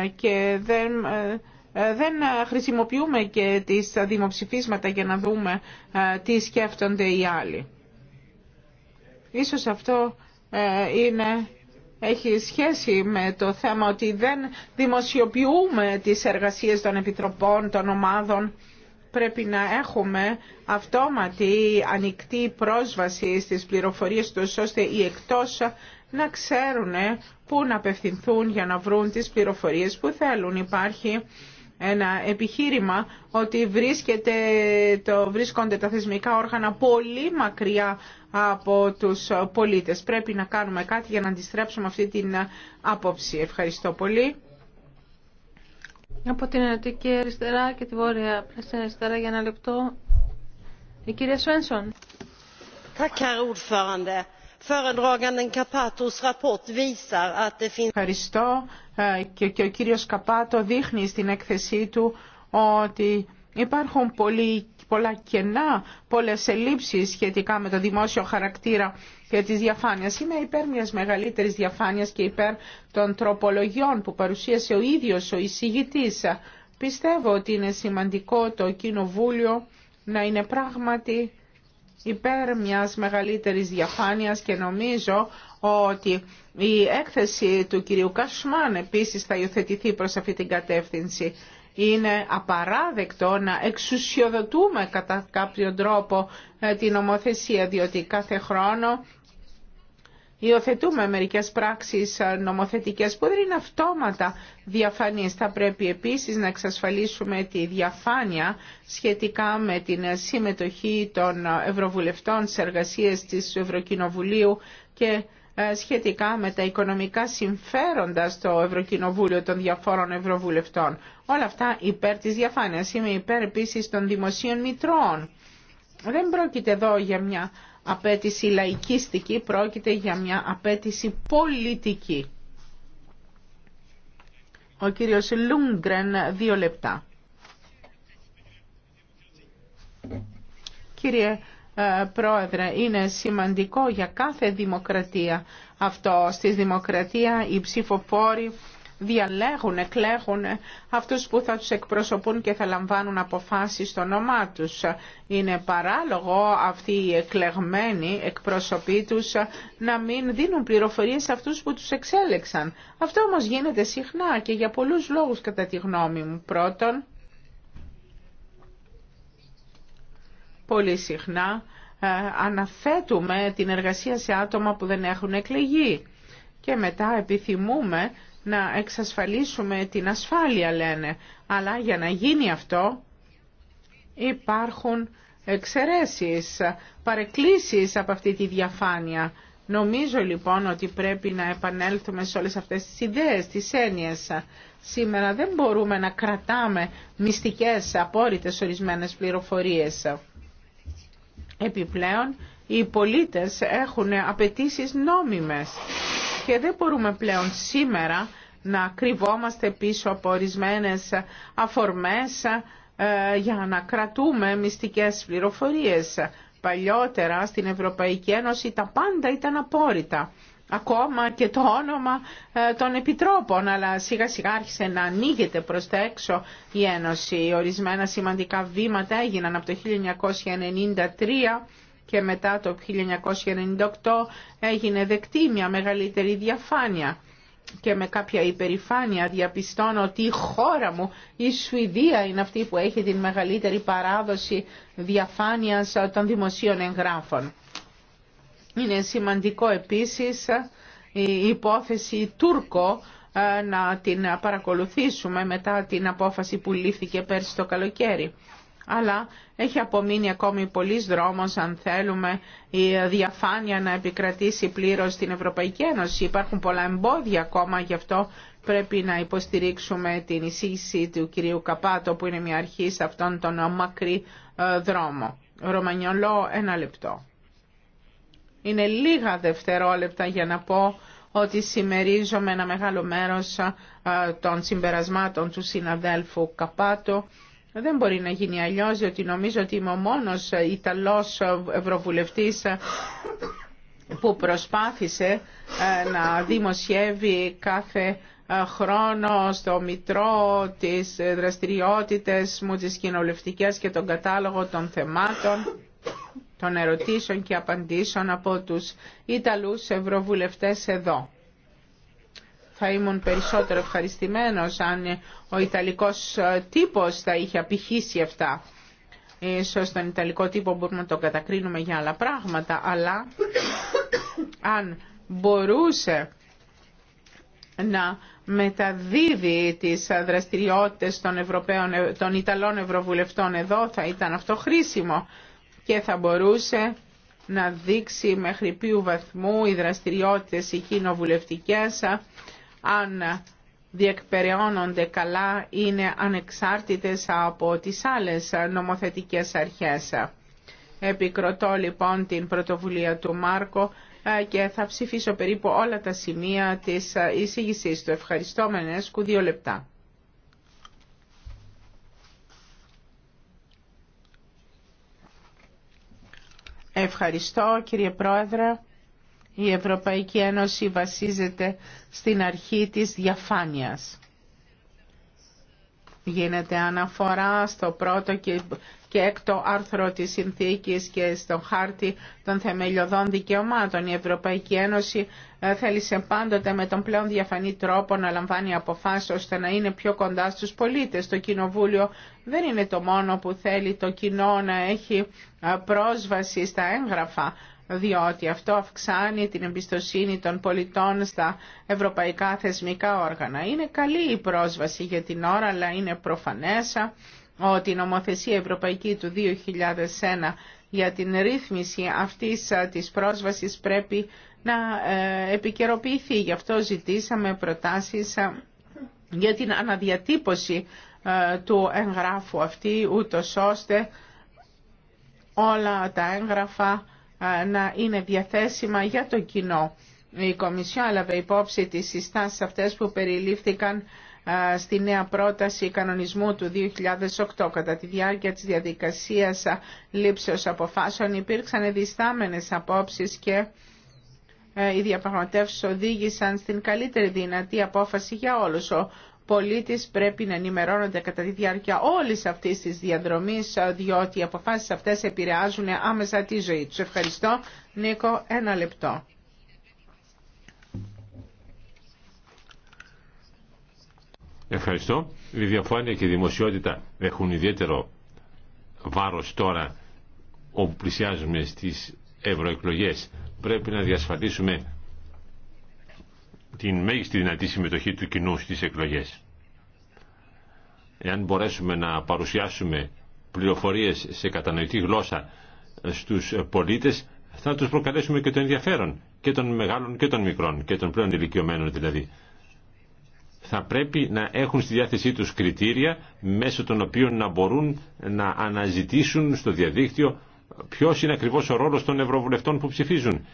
Ε, και δεν, ε, δεν χρησιμοποιούμε και τις δημοψηφίσματα για να δούμε ε, τι σκέφτονται οι άλλοι. Ίσως αυτό είναι έχει σχέση με το θέμα ότι δεν δημοσιοποιούμε τις εργασίες των επιτροπών, των ομάδων. Πρέπει να έχουμε αυτόματη ανοιχτή πρόσβαση στις πληροφορίες τους, ώστε οι εκτός να ξέρουν πού να απευθυνθούν για να βρουν τις πληροφορίες που θέλουν. Υπάρχει ένα επιχείρημα ότι το, βρίσκονται τα θεσμικά όργανα πολύ μακριά από τους πολίτες. Πρέπει να κάνουμε κάτι για να αντιστρέψουμε αυτή την άποψη. Ευχαριστώ πολύ. Από την Ενωτική Αριστερά και τη Βόρεια Αριστερά για ένα λεπτό. Η κυρία Σουένσον. Ευχαριστώ ε, και ο κύριος Καπάτο δείχνει στην έκθεσή του ότι υπάρχουν πολλά κενά, πολλές ελλείψεις σχετικά με το δημόσιο χαρακτήρα και της διαφάνειας. Είμαι υπέρ μιας μεγαλύτερης διαφάνειας και υπέρ των τροπολογιών που παρουσίασε ο ίδιος ο εισηγητής. Πιστεύω ότι είναι σημαντικό το Κοινοβούλιο να είναι πράγματι υπέρ μιας μεγαλύτερης διαφάνειας και νομίζω ότι η έκθεση του κυρίου Κασμάν επίσης θα υιοθετηθεί προς αυτή την κατεύθυνση. Είναι απαράδεκτο να εξουσιοδοτούμε κατά κάποιο τρόπο ε, την ομοθεσία, διότι κάθε χρόνο Υιοθετούμε μερικές πράξεις ε, νομοθετικές που δεν είναι αυτόματα διαφανείς. Θα πρέπει επίσης να εξασφαλίσουμε τη διαφάνεια σχετικά με την συμμετοχή των Ευρωβουλευτών σε εργασίες της Ευρωκοινοβουλίου και ε, σχετικά με τα οικονομικά συμφέροντα στο Ευρωκοινοβούλιο των διαφόρων Ευρωβουλευτών. Όλα αυτά υπέρ της διαφάνειας. Είμαι υπέρ επίσης των δημοσίων μητρώων. Δεν πρόκειται εδώ για μια απέτηση λαϊκίστικη, πρόκειται για μια απέτηση πολιτική. Ο κύριος Λούγκρεν, δύο λεπτά. Κύριε ε, Πρόεδρε, είναι σημαντικό για κάθε δημοκρατία αυτό. Στη δημοκρατία οι ψηφοφόροι διαλέγουν, εκλέγουν αυτούς που θα τους εκπροσωπούν και θα λαμβάνουν αποφάσεις στο όνομά τους. Είναι παράλογο αυτοί οι εκλεγμένοι εκπροσωποί τους να μην δίνουν πληροφορίες σε αυτούς που τους εξέλεξαν. Αυτό όμως γίνεται συχνά και για πολλούς λόγους κατά τη γνώμη μου. Πρώτον, πολύ συχνά ε, αναθέτουμε την εργασία σε άτομα που δεν έχουν εκλεγεί και μετά επιθυμούμε να εξασφαλίσουμε την ασφάλεια λένε, αλλά για να γίνει αυτό υπάρχουν εξαιρέσεις, παρεκκλήσεις από αυτή τη διαφάνεια. Νομίζω λοιπόν ότι πρέπει να επανέλθουμε σε όλες αυτές τις ιδέες, τις έννοιες. Σήμερα δεν μπορούμε να κρατάμε μυστικές, απόρριτες ορισμένες πληροφορίες. Επιπλέον, οι πολίτες έχουν απαιτήσεις νόμιμες και δεν μπορούμε πλέον σήμερα να κρυβόμαστε πίσω από ορισμένε αφορμές ε, για να κρατούμε μυστικές πληροφορίες. Παλιότερα στην Ευρωπαϊκή Ένωση τα πάντα ήταν απόρριτα. Ακόμα και το όνομα ε, των επιτρόπων, αλλά σιγά σιγά άρχισε να ανοίγεται προς τα έξω η Ένωση. Ορισμένα σημαντικά βήματα έγιναν από το 1993 και μετά το 1998 έγινε δεκτή μια μεγαλύτερη διαφάνεια και με κάποια υπερηφάνεια διαπιστώνω ότι η χώρα μου, η Σουηδία είναι αυτή που έχει την μεγαλύτερη παράδοση διαφάνειας των δημοσίων εγγράφων. Είναι σημαντικό επίσης η υπόθεση Τούρκο ε, να την παρακολουθήσουμε μετά την απόφαση που λήφθηκε πέρσι το καλοκαίρι αλλά έχει απομείνει ακόμη πολλής δρόμος αν θέλουμε η διαφάνεια να επικρατήσει πλήρως στην Ευρωπαϊκή Ένωση. Υπάρχουν πολλά εμπόδια ακόμα, γι' αυτό πρέπει να υποστηρίξουμε την εισήγηση του κυρίου Καπάτο που είναι μια αρχή σε αυτόν τον μακρύ ε, δρόμο. Ρωμανιολό, ένα λεπτό. Είναι λίγα δευτερόλεπτα για να πω ότι συμμερίζομαι ένα μεγάλο μέρος ε, των συμπερασμάτων του συναδέλφου Καπάτο δεν μπορεί να γίνει αλλιώ, διότι νομίζω ότι είμαι ο μόνος Ιταλός Ευρωβουλευτής που προσπάθησε ε, να δημοσιεύει κάθε ε, χρόνο στο Μητρό της δραστηριότητες μου, τις κοινοβουλευτικές και τον κατάλογο των θεμάτων, των ερωτήσεων και απαντήσεων από τους Ιταλούς Ευρωβουλευτές εδώ θα ήμουν περισσότερο ευχαριστημένος αν ο Ιταλικός ε, τύπος θα είχε απηχήσει αυτά. Ίσως τον Ιταλικό τύπο μπορούμε να τον κατακρίνουμε για άλλα πράγματα, αλλά αν μπορούσε να μεταδίδει τις δραστηριότητες των, Ευρωπαίων, ε, των Ιταλών Ευρωβουλευτών εδώ θα ήταν αυτό χρήσιμο και θα μπορούσε να δείξει μέχρι ποιου βαθμού οι δραστηριότητες οι κοινοβουλευτικές αν διεκπεραιώνονται καλά είναι ανεξάρτητες από τις άλλες νομοθετικές αρχές. Επικροτώ λοιπόν την πρωτοβουλία του Μάρκο ε, και θα ψηφίσω περίπου όλα τα σημεία της ε, εισήγησής του. Ευχαριστώ Μενέσκου, δύο λεπτά. Ευχαριστώ κύριε Πρόεδρε. Η Ευρωπαϊκή Ένωση βασίζεται στην αρχή της διαφάνειας. Γίνεται αναφορά στο πρώτο και έκτο άρθρο της συνθήκης και στο χάρτη των θεμελιωδών δικαιωμάτων. Η Ευρωπαϊκή Ένωση ε, θέλησε πάντοτε με τον πλέον διαφανή τρόπο να λαμβάνει αποφάσεις ώστε να είναι πιο κοντά στους πολίτες. Το Κοινοβούλιο δεν είναι το μόνο που θέλει το κοινό να έχει ε, πρόσβαση στα έγγραφα διότι αυτό αυξάνει την εμπιστοσύνη των πολιτών στα ευρωπαϊκά θεσμικά όργανα. Είναι καλή η πρόσβαση για την ώρα, αλλά είναι προφανές ότι η νομοθεσία ευρωπαϊκή του 2001 για την ρύθμιση αυτής της πρόσβασης πρέπει να ε, επικαιροποιηθεί. Γι' αυτό ζητήσαμε προτάσεις ε, για την αναδιατύπωση ε, του εγγράφου αυτή, ούτως ώστε όλα τα έγγραφα να είναι διαθέσιμα για το κοινό. Η Κομισιόν έλαβε υπόψη τις συστάσεις αυτές που περιλήφθηκαν στη νέα πρόταση κανονισμού του 2008. Κατά τη διάρκεια της διαδικασίας λήψεως αποφάσεων υπήρξαν διστάμενες απόψεις και ε, οι διαπραγματεύσεις οδήγησαν στην καλύτερη δυνατή απόφαση για όλους. Ο πολίτης πρέπει να ενημερώνονται κατά τη διάρκεια όλης αυτής της διαδρομής, ε, διότι οι αποφάσεις αυτές επηρεάζουν άμεσα τη ζωή τους. Ευχαριστώ. Νίκο, ένα λεπτό. Ευχαριστώ. Η διαφάνεια και η δημοσιότητα έχουν ιδιαίτερο βάρος τώρα όπου πλησιάζουμε στις ευρωεκλογές. Πρέπει να διασφαλίσουμε την μέγιστη δυνατή συμμετοχή του κοινού στις εκλογές. Εάν μπορέσουμε να παρουσιάσουμε πληροφορίες σε κατανοητή γλώσσα στους πολίτες, θα τους προκαλέσουμε και το ενδιαφέρον και των μεγάλων και των μικρών και των πλέον ηλικιωμένων δηλαδή. Θα πρέπει να έχουν στη διάθεσή τους κριτήρια μέσω των οποίων να μπορούν να αναζητήσουν στο διαδίκτυο ποιος είναι ακριβώς ο ρόλος των ευρωβουλευτών που ψηφίζουν,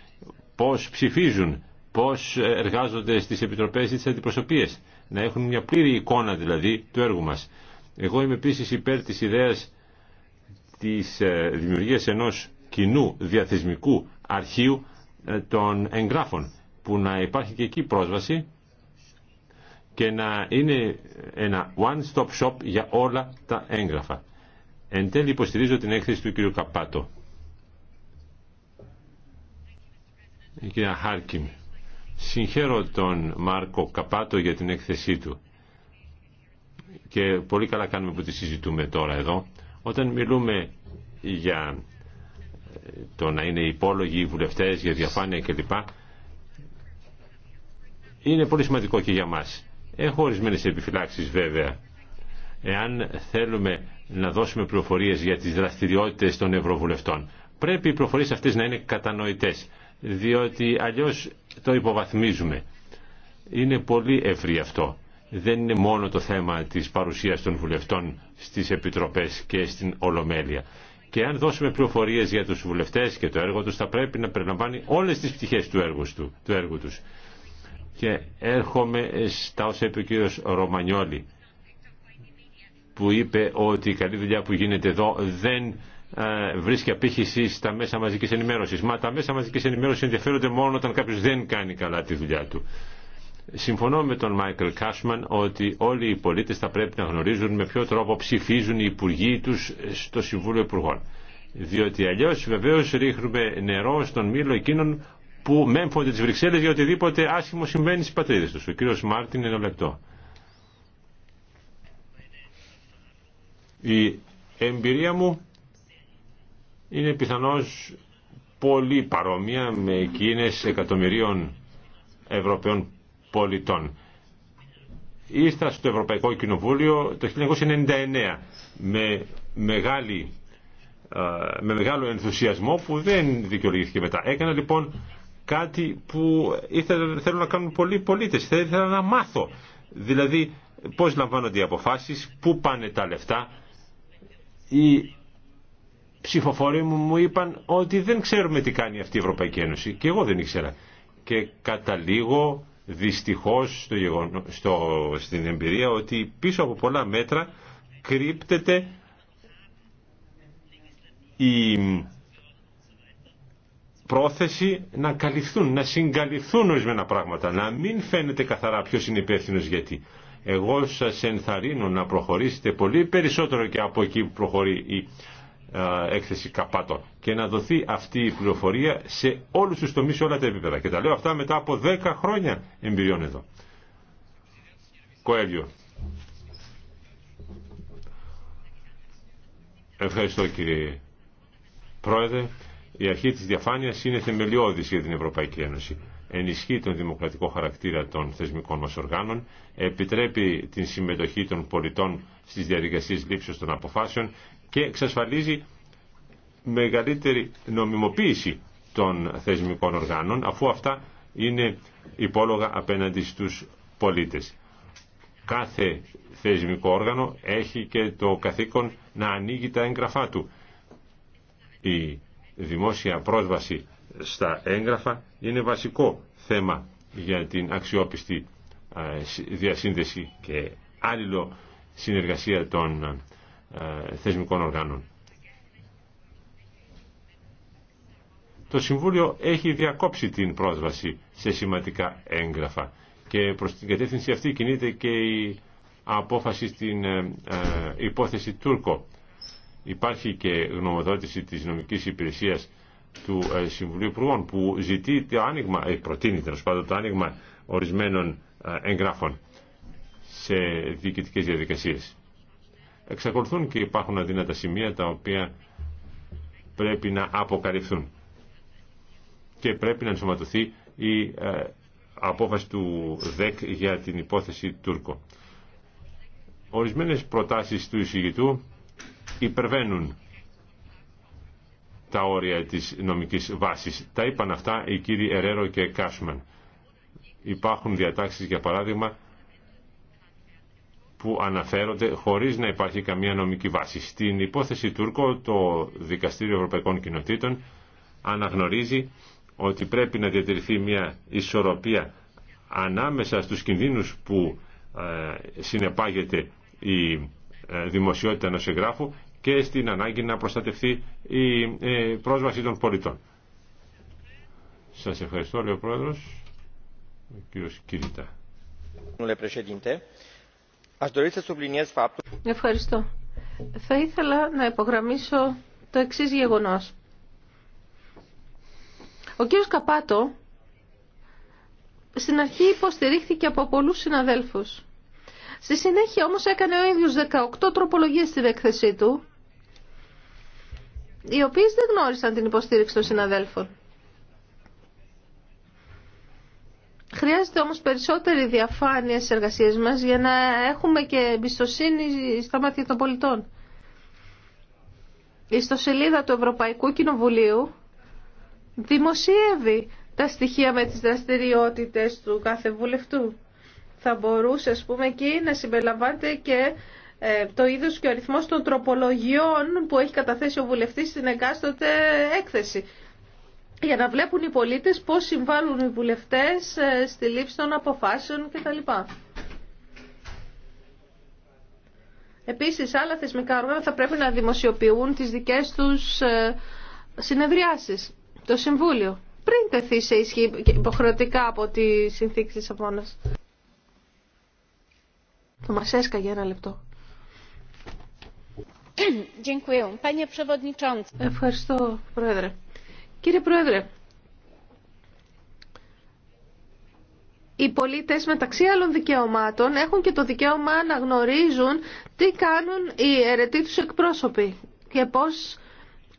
πώς ψηφίζουν, πώς εργάζονται στις επιτροπές ή τις αντιπροσωπείες. Να έχουν μια πλήρη εικόνα δηλαδή του έργου μας. Εγώ είμαι επίσης υπέρ της ιδέας της ε, δημιουργίας ενός κοινού διαθεσμικού αρχείου ε, των εγγράφων που να υπάρχει και εκεί πρόσβαση και να είναι ένα one-stop shop για όλα τα έγγραφα. Εν τέλει υποστηρίζω την έκθεση του κ. Καπάτο. Η κυρία Χάρκιμ Συγχαίρω τον Μάρκο Καπάτο για την έκθεσή του και πολύ καλά κάνουμε που τη συζητούμε τώρα εδώ. Όταν μιλούμε για ε, το να είναι υπόλογοι βουλευτές για διαφάνεια κλπ. Είναι πολύ σημαντικό και για μας. Έχω ορισμένες επιφυλάξεις βέβαια. Εάν θέλουμε να δώσουμε πληροφορίες για τις δραστηριότητες των ευρωβουλευτών, πρέπει οι πληροφορίες αυτές να είναι κατανοητές διότι αλλιώς το υποβαθμίζουμε. Είναι πολύ ευρύ αυτό. Δεν είναι μόνο το θέμα της παρουσίας των βουλευτών στις επιτροπές και στην Ολομέλεια. Και αν δώσουμε πληροφορίε για τους βουλευτές και το έργο τους, θα πρέπει να περιλαμβάνει όλες τις πτυχές του έργου, του, του έργου τους. Και έρχομαι στα όσα είπε ο κύριος Ρωμανιόλη, που είπε ότι η καλή δουλειά που γίνεται εδώ δεν ε, βρίσκει απήχηση στα μέσα μαζική ενημέρωση. Μα τα μέσα μαζική ενημέρωση ενδιαφέρονται μόνο όταν κάποιο δεν κάνει καλά τη δουλειά του. Συμφωνώ με τον Μάικλ Κάσμαν ότι όλοι οι πολίτε θα πρέπει να γνωρίζουν με ποιο τρόπο ψηφίζουν οι υπουργοί του στο Συμβούλιο Υπουργών. Διότι αλλιώ βεβαίω ρίχνουμε νερό στον μήλο εκείνων που μέμφονται τι Βρυξέλλε για οτιδήποτε άσχημο συμβαίνει στι πατρίδε του. Ο κύριο Μάρτιν ένα λεπτό. Η εμπειρία μου είναι πιθανώς πολύ παρόμοια με εκείνες εκατομμυρίων Ευρωπαίων πολιτών. Ήρθα στο Ευρωπαϊκό Κοινοβούλιο το 1999 με, μεγάλη, με μεγάλο ενθουσιασμό που δεν δικαιολογήθηκε μετά. Έκανα λοιπόν κάτι που ήθελα, θέλω να κάνουν πολλοί πολίτες. Θα ήθελα να μάθω. Δηλαδή πώς λαμβάνονται οι αποφάσεις, πού πάνε τα λεφτά. Η ψηφοφόροι μου μου είπαν ότι δεν ξέρουμε τι κάνει αυτή η Ευρωπαϊκή Ένωση και εγώ δεν ήξερα. Και καταλήγω δυστυχώς στο, στην εμπειρία ότι πίσω από πολλά μέτρα κρύπτεται η πρόθεση να καλυφθούν, να συγκαλυφθούν ορισμένα πράγματα, να μην φαίνεται καθαρά ποιος είναι υπεύθυνο γιατί. Εγώ σας ενθαρρύνω να προχωρήσετε πολύ περισσότερο και από εκεί που προχωρεί η έκθεση καπάτων και να δοθεί αυτή η πληροφορία σε όλους τους τομείς, σε όλα τα επίπεδα. Και τα λέω αυτά μετά από 10 χρόνια εμπειριών εδώ. Κοέλιο. Ευχαριστώ κύριε Πρόεδρε. Η αρχή της διαφάνειας είναι θεμελιώδης για την Ευρωπαϊκή Ένωση. Ενισχύει τον δημοκρατικό χαρακτήρα των θεσμικών μας οργάνων, επιτρέπει την συμμετοχή των πολιτών στις διαδικασίες λήψης των αποφάσεων και εξασφαλίζει μεγαλύτερη νομιμοποίηση των θεσμικών οργάνων αφού αυτά είναι υπόλογα απέναντι στους πολίτες. Κάθε θεσμικό όργανο έχει και το καθήκον να ανοίγει τα έγγραφά του. Η δημόσια πρόσβαση στα έγγραφα είναι βασικό θέμα για την αξιόπιστη ε, διασύνδεση και άλληλο συνεργασία των ε, θεσμικών οργάνων. Το Συμβούλιο έχει διακόψει την πρόσβαση σε σημαντικά έγγραφα και προς την κατεύθυνση αυτή κινείται και η απόφαση στην ε, ε, υπόθεση Τούρκο. Υπάρχει και γνωμοδότηση της νομικής υπηρεσίας του Συμβουλίου Υπουργών που ζητεί το άνοιγμα, προτείνει τέλο πάντων το άνοιγμα ορισμένων εγγράφων σε διοικητικές διαδικασίες εξακολουθούν και υπάρχουν αδυνατά σημεία τα οποία πρέπει να αποκαλυφθούν και πρέπει να ενσωματωθεί η ε, απόφαση του ΔΕΚ για την υπόθεση Τούρκο. Ορισμένες προτάσεις του εισηγητού υπερβαίνουν τα όρια της νομικής βάσης. Τα είπαν αυτά οι κύριοι Ερέρο και Κάσμαν. Υπάρχουν διατάξεις για παράδειγμα που αναφέρονται χωρίς να υπάρχει καμία νομική βάση. Στην υπόθεση Τούρκο το Δικαστήριο Ευρωπαϊκών Κοινοτήτων αναγνωρίζει ότι πρέπει να διατηρηθεί μια ισορροπία ανάμεσα στους κινδύνους που ε, συνεπάγεται η ε, δημοσιότητα ενός εγγράφου και στην ανάγκη να προστατευτεί η ε, πρόσβαση των πολιτών. Σας ευχαριστώ, λέει ο Πρόεδρος, ο Ευχαριστώ. Θα ήθελα να υπογραμμίσω το εξής γεγονός. Ο κύριος Καπάτο στην αρχή υποστηρίχθηκε από πολλούς συναδέλφους. Στη συνέχεια όμως έκανε ο ίδιος 18 τροπολογίες στην έκθεσή του, οι οποίες δεν γνώρισαν την υποστήριξη των συναδέλφων. Χρειάζεται όμως περισσότερη διαφάνεια στις εργασίες μας για να έχουμε και εμπιστοσύνη στα μάτια των πολιτών. Η ιστοσελίδα του Ευρωπαϊκού Κοινοβουλίου δημοσιεύει τα στοιχεία με τις δραστηριότητες του κάθε βουλευτού. Θα μπορούσε, ας πούμε, εκεί να συμπεριλαμβάνεται και ε, το είδος και ο αριθμός των τροπολογιών που έχει καταθέσει ο βουλευτής στην εγκάστοτε έκθεση για να βλέπουν οι πολίτες πώς συμβάλλουν οι βουλευτές ε, στη λήψη των αποφάσεων κτλ. Επίσης, άλλα θεσμικά όργανα θα πρέπει να δημοσιοποιούν τις δικές τους ε, συνεδριάσεις, το Συμβούλιο, πριν τεθεί σε ισχύ υποχρεωτικά από τη συνθήκη της Αφώνας. Το μας έσκαγε ένα λεπτό. Ευχαριστώ, Πρόεδρε. Κύριε Πρόεδρε, οι πολίτες μεταξύ άλλων δικαιωμάτων έχουν και το δικαίωμα να γνωρίζουν τι κάνουν οι αιρετοί τους εκπρόσωποι και πώς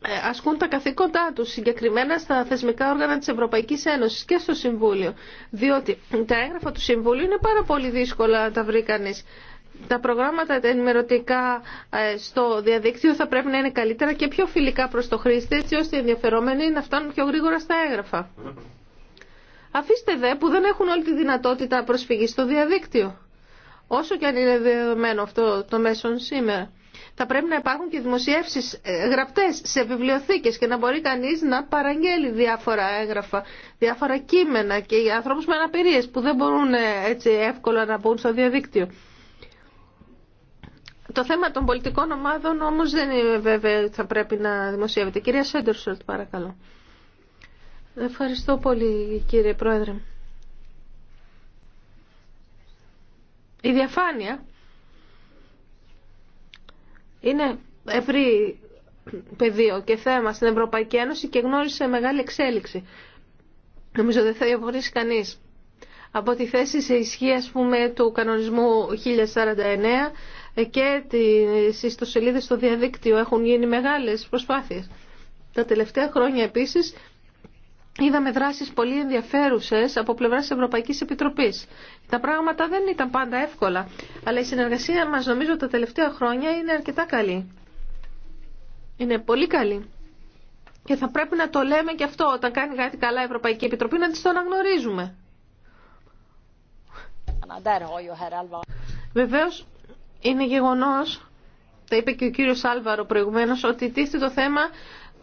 ε, ασκούν τα καθήκοντά τους συγκεκριμένα στα θεσμικά όργανα της Ευρωπαϊκής Ένωσης και στο Συμβούλιο. Διότι τα έγγραφα του Συμβούλου είναι πάρα πολύ δύσκολα να τα βρει κανείς τα προγράμματα ενημερωτικά ε, στο διαδίκτυο θα πρέπει να είναι καλύτερα και πιο φιλικά προς το χρήστη, έτσι ώστε οι ενδιαφερόμενοι να φτάνουν πιο γρήγορα στα έγγραφα. Αφήστε δε που δεν έχουν όλη τη δυνατότητα προσφυγή στο διαδίκτυο, όσο και αν είναι δεδομένο αυτό το μέσον σήμερα. Θα πρέπει να υπάρχουν και δημοσιεύσεις ε, γραπτές σε βιβλιοθήκες και να μπορεί κανείς να παραγγέλει διάφορα έγγραφα, διάφορα κείμενα και για ανθρώπους με αναπηρίες που δεν μπορούν ε, έτσι εύκολα να μπουν στο διαδίκτυο. Το θέμα των πολιτικών ομάδων όμως δεν είναι βέβαια θα πρέπει να δημοσιεύεται. Κυρία Σέντερσολτ παρακαλώ. Ευχαριστώ πολύ κύριε Πρόεδρε. Η διαφάνεια είναι ευρύ πεδίο και θέμα στην Ευρωπαϊκή Ένωση και γνώρισε μεγάλη εξέλιξη. Νομίζω δεν θα διαφορήσει κανείς. Από τη θέση σε ισχύ ας πούμε του κανονισμού 1049 ε, και τις ιστοσελίδες στο διαδίκτυο έχουν γίνει μεγάλες προσπάθειες. Τα τελευταία χρόνια επίσης είδαμε δράσεις πολύ ενδιαφέρουσες από πλευράς της Ευρωπαϊκής Επιτροπής. Τα πράγματα δεν ήταν πάντα εύκολα, αλλά η συνεργασία μας νομίζω τα τελευταία χρόνια είναι αρκετά καλή. Είναι πολύ καλή. Και θα πρέπει να το λέμε και αυτό όταν κάνει κάτι καλά η Ευρωπαϊκή Επιτροπή να τις το αναγνωρίζουμε. Βεβαίως είναι γεγονός, τα είπε και ο κύριος Άλβαρο προηγουμένως, ότι τίθεται το θέμα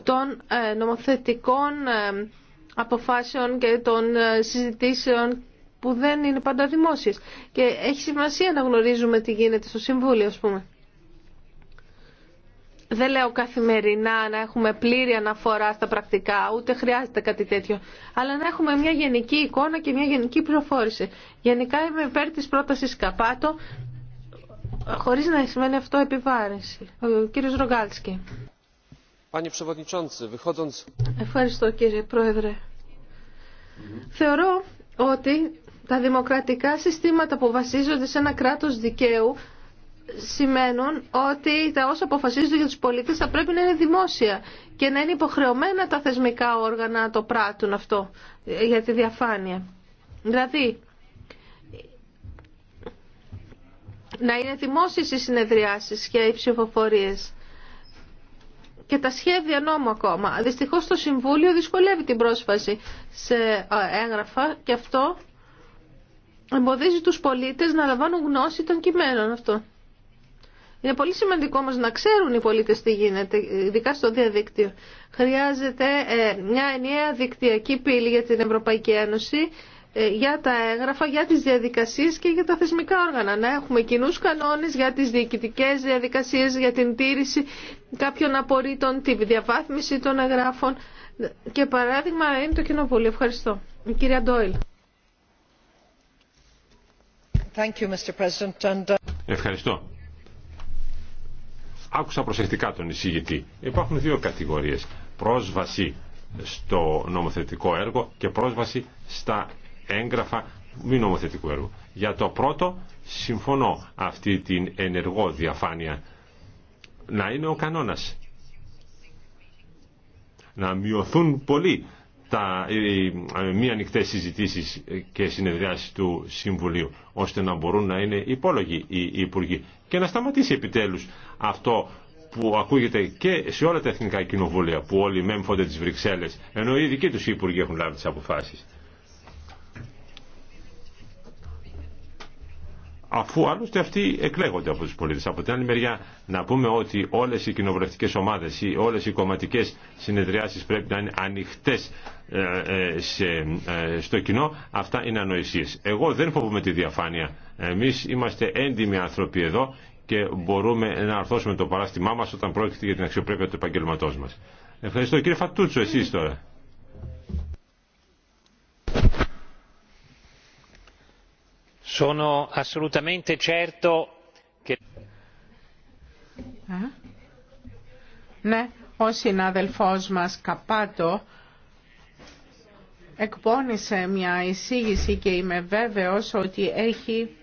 των ε, νομοθετικών ε, αποφάσεων και των ε, συζητήσεων που δεν είναι πάντα δημόσιες. Και έχει σημασία να γνωρίζουμε τι γίνεται στο Συμβούλιο, ας πούμε. Δεν λέω καθημερινά να έχουμε πλήρη αναφορά στα πρακτικά, ούτε χρειάζεται κάτι τέτοιο. Αλλά να έχουμε μια γενική εικόνα και μια γενική πληροφόρηση. Γενικά είμαι υπέρ τη πρόταση Καπάτο χωρίς να σημαίνει αυτό επιβάρηση. Ο κύριος Ρογκάλσκι. Ευχαριστώ κύριε Πρόεδρε. Θεωρώ ότι τα δημοκρατικά συστήματα που βασίζονται σε ένα κράτος δικαίου σημαίνουν ότι τα όσα αποφασίζονται για τους πολίτες θα πρέπει να είναι δημόσια και να είναι υποχρεωμένα τα θεσμικά όργανα να το πράττουν αυτό ε, για τη διαφάνεια. Δηλαδή, να είναι δημόσιες οι συνεδριάσεις και οι ψηφοφορίες και τα σχέδια νόμου ακόμα. Δυστυχώς το Συμβούλιο δυσκολεύει την πρόσφαση σε ε, έγγραφα και αυτό εμποδίζει τους πολίτες να λαμβάνουν γνώση των κειμένων αυτών. Είναι πολύ σημαντικό όμως να ξέρουν οι πολίτες τι γίνεται, ειδικά στο διαδίκτυο. Χρειάζεται ε, μια ενιαία δικτυακή πύλη για την Ευρωπαϊκή Ένωση ε, για τα έγγραφα, για τις διαδικασίες και για τα θεσμικά όργανα. Να έχουμε κοινού κανόνες για τις διοικητικές διαδικασίες, για την τήρηση κάποιων απορρίτων, τη διαβάθμιση των εγγράφων. Και παράδειγμα είναι το Κοινοβούλιο. Ευχαριστώ. Η κυρία Ντόιλ. Uh, Ευχαριστώ. Άκουσα προσεκτικά τον εισηγητή. Υπάρχουν δύο κατηγορίες. Πρόσβαση στο νομοθετικό έργο και πρόσβαση στα έγγραφα μη νομοθετικού έργου. Για το πρώτο, συμφωνώ αυτή την ενεργό διαφάνεια να είναι ο κανόνας. Να μειωθούν πολύ τα μη ανοιχτέ συζητήσει και συνεδριάσει του Συμβουλίου, ώστε να μπορούν να είναι υπόλογοι οι Υπουργοί. Και να σταματήσει επιτέλου αυτό που ακούγεται και σε όλα τα εθνικά κοινοβούλια, που όλοι μέμφονται τι Βρυξέλλες, ενώ οι δικοί του Υπουργοί έχουν λάβει τι αποφάσει. αφού άλλωστε αυτοί εκλέγονται από του πολίτε. Από την άλλη μεριά να πούμε ότι όλε οι κοινοβουλευτικέ ομάδε ή όλε οι κομματικέ συνεδριάσει πρέπει να είναι ανοιχτές ε, ε, ε, στο κοινό, αυτά είναι ανοησίε. Εγώ δεν φοβούμαι τη διαφάνεια. Εμεί είμαστε έντιμοι άνθρωποι εδώ και μπορούμε να αρθώσουμε το παράστημά μα όταν πρόκειται για την αξιοπρέπεια του επαγγελματό μα. Ευχαριστώ. Κύριε Φατούτσο, εσεί τώρα. Sono assolutamente certo che... Ε? Ναι, ο συνάδελφός μας Καπάτο εκπώνησε μια εισήγηση και είμαι βέβαιος ότι έχει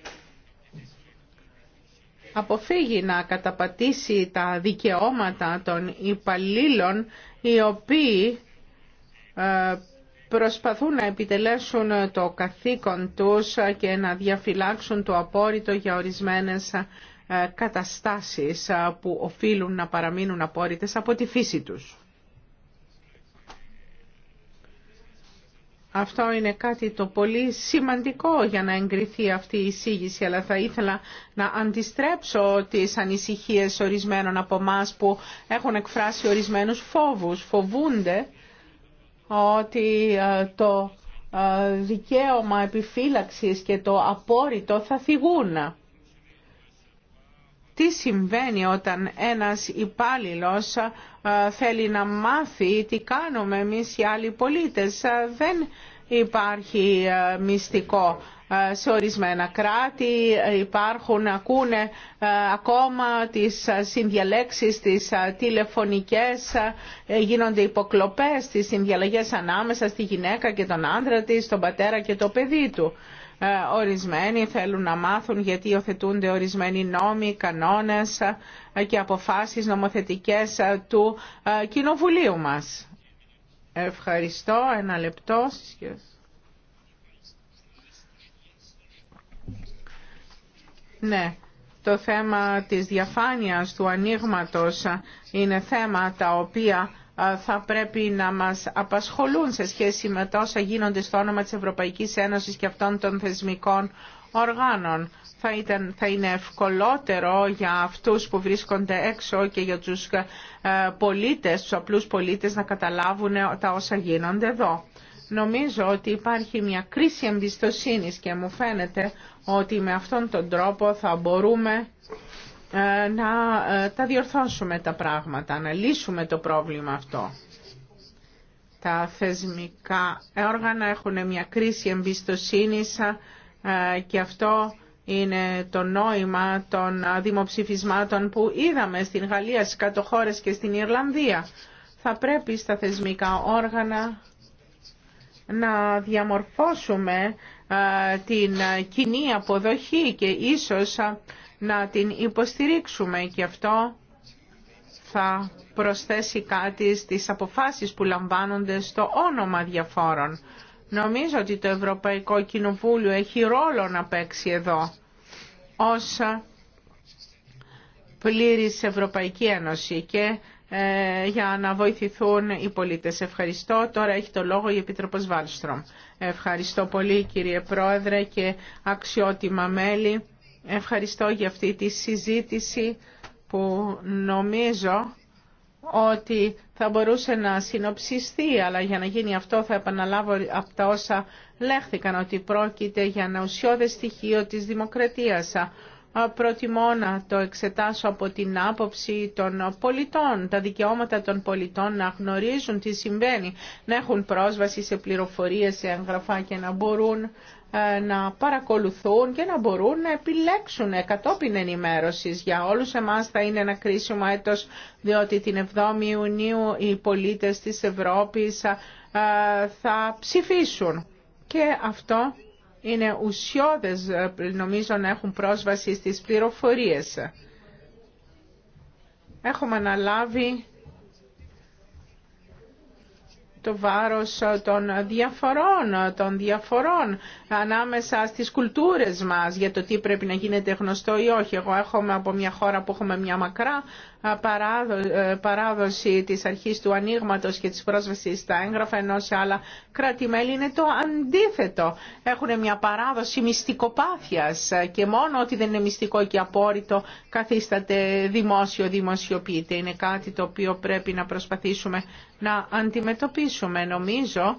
αποφύγει να καταπατήσει τα δικαιώματα των υπαλλήλων οι οποίοι ε, προσπαθούν να επιτελέσουν το καθήκον τους και να διαφυλάξουν το απόρριτο για ορισμένες ε, καταστάσεις ε, που οφείλουν να παραμείνουν απόρριτες από τη φύση τους. Αυτό είναι κάτι το πολύ σημαντικό για να εγκριθεί αυτή η εισήγηση, αλλά θα ήθελα να αντιστρέψω τις ανησυχίες ορισμένων από εμά που έχουν εκφράσει ορισμένους φόβους. Φοβούνται ότι ε, το ε, δικαίωμα επιφύλαξης και το απόρριτο θα θυγούν. Τι συμβαίνει όταν ένας υπάλληλος ε, θέλει να μάθει τι κάνουμε εμείς οι άλλοι πολίτες. Δεν υπάρχει ε, μυστικό ε, σε ορισμένα κράτη, υπάρχουν, ακούνε ε, ακόμα τις συνδιαλέξεις, τις τηλεφωνικές, γίνονται υποκλοπές, τις συνδιαλλαγές ανάμεσα στη γυναίκα και τον άντρα της, τον πατέρα και το παιδί του. Ορισμένοι θέλουν να μάθουν γιατί υιοθετούνται ορισμένοι νόμοι, κανόνες και αποφάσεις νομοθετικές του κοινοβουλίου μας. Ευχαριστώ. Ένα λεπτό. Ναι, το θέμα της διαφάνειας του ανοίγματος είναι θέμα τα οποία θα πρέπει να μας απασχολούν σε σχέση με τόσα γίνονται στο όνομα της Ευρωπαϊκής Ένωσης και αυτών των θεσμικών οργάνων. Θα, θα είναι ευκολότερο για αυτούς που βρίσκονται έξω και για τους ε, πολίτες, τους απλούς πολίτες να καταλάβουν τα όσα γίνονται εδώ. Νομίζω ότι υπάρχει μια κρίση εμπιστοσύνης και μου φαίνεται ότι με αυτόν τον τρόπο θα μπορούμε ε, να ε, τα διορθώσουμε τα πράγματα, να λύσουμε το πρόβλημα αυτό. Τα θεσμικά όργανα έχουν μια κρίση εμπιστοσύνης ε, και αυτό είναι το νόημα των δημοψηφισμάτων που είδαμε στην Γαλλία, στις κατοχώρες και στην Ιρλανδία. Θα πρέπει στα θεσμικά όργανα να διαμορφώσουμε την κοινή αποδοχή και ίσως να την υποστηρίξουμε και αυτό θα προσθέσει κάτι στις αποφάσεις που λαμβάνονται στο όνομα διαφόρων. Νομίζω ότι το Ευρωπαϊκό Κοινοβούλιο έχει ρόλο να παίξει εδώ ως πλήρης Ευρωπαϊκή Ένωση και ε, για να βοηθηθούν οι πολίτες. Ευχαριστώ. Τώρα έχει το λόγο η Επίτροπος Βάλστρομ. Ευχαριστώ πολύ κύριε Πρόεδρε και αξιότιμα μέλη. Ευχαριστώ για αυτή τη συζήτηση που νομίζω ότι θα μπορούσε να συνοψιστεί, αλλά για να γίνει αυτό θα επαναλάβω από τα όσα λέχθηκαν, ότι πρόκειται για ένα ουσιώδες στοιχείο της δημοκρατίας προτιμώ να το εξετάσω από την άποψη των πολιτών, τα δικαιώματα των πολιτών να γνωρίζουν τι συμβαίνει, να έχουν πρόσβαση σε πληροφορίες, σε εγγραφά και να μπορούν ε, να παρακολουθούν και να μπορούν να επιλέξουν κατόπιν ενημέρωσης. Για όλους εμάς θα είναι ένα κρίσιμο έτος, διότι την 7η Ιουνίου οι πολίτες της Ευρώπης ε, θα ψηφίσουν. Και αυτό είναι ουσιώδες ε, νομίζω να έχουν πρόσβαση στις πληροφορίες. Έχουμε αναλάβει το βάρος ε, των διαφορών, ε, των διαφορών ανάμεσα στις κουλτούρες μας για το τι πρέπει να γίνεται γνωστό ή όχι. Εγώ έχουμε από μια χώρα που έχουμε μια μακρά ε, παράδοση της αρχής του ανοίγματο και της πρόσβασης στα έγγραφα, ενώ σε άλλα κράτη-μέλη είναι το αντίθετο. Έχουν μια παράδοση μυστικοπάθειας ε, και μόνο ότι δεν είναι μυστικό και απόρριτο καθίσταται δημόσιο, δημοσιοποιείται. Είναι κάτι το οποίο πρέπει να προσπαθήσουμε να αντιμετωπίσουμε. Νομίζω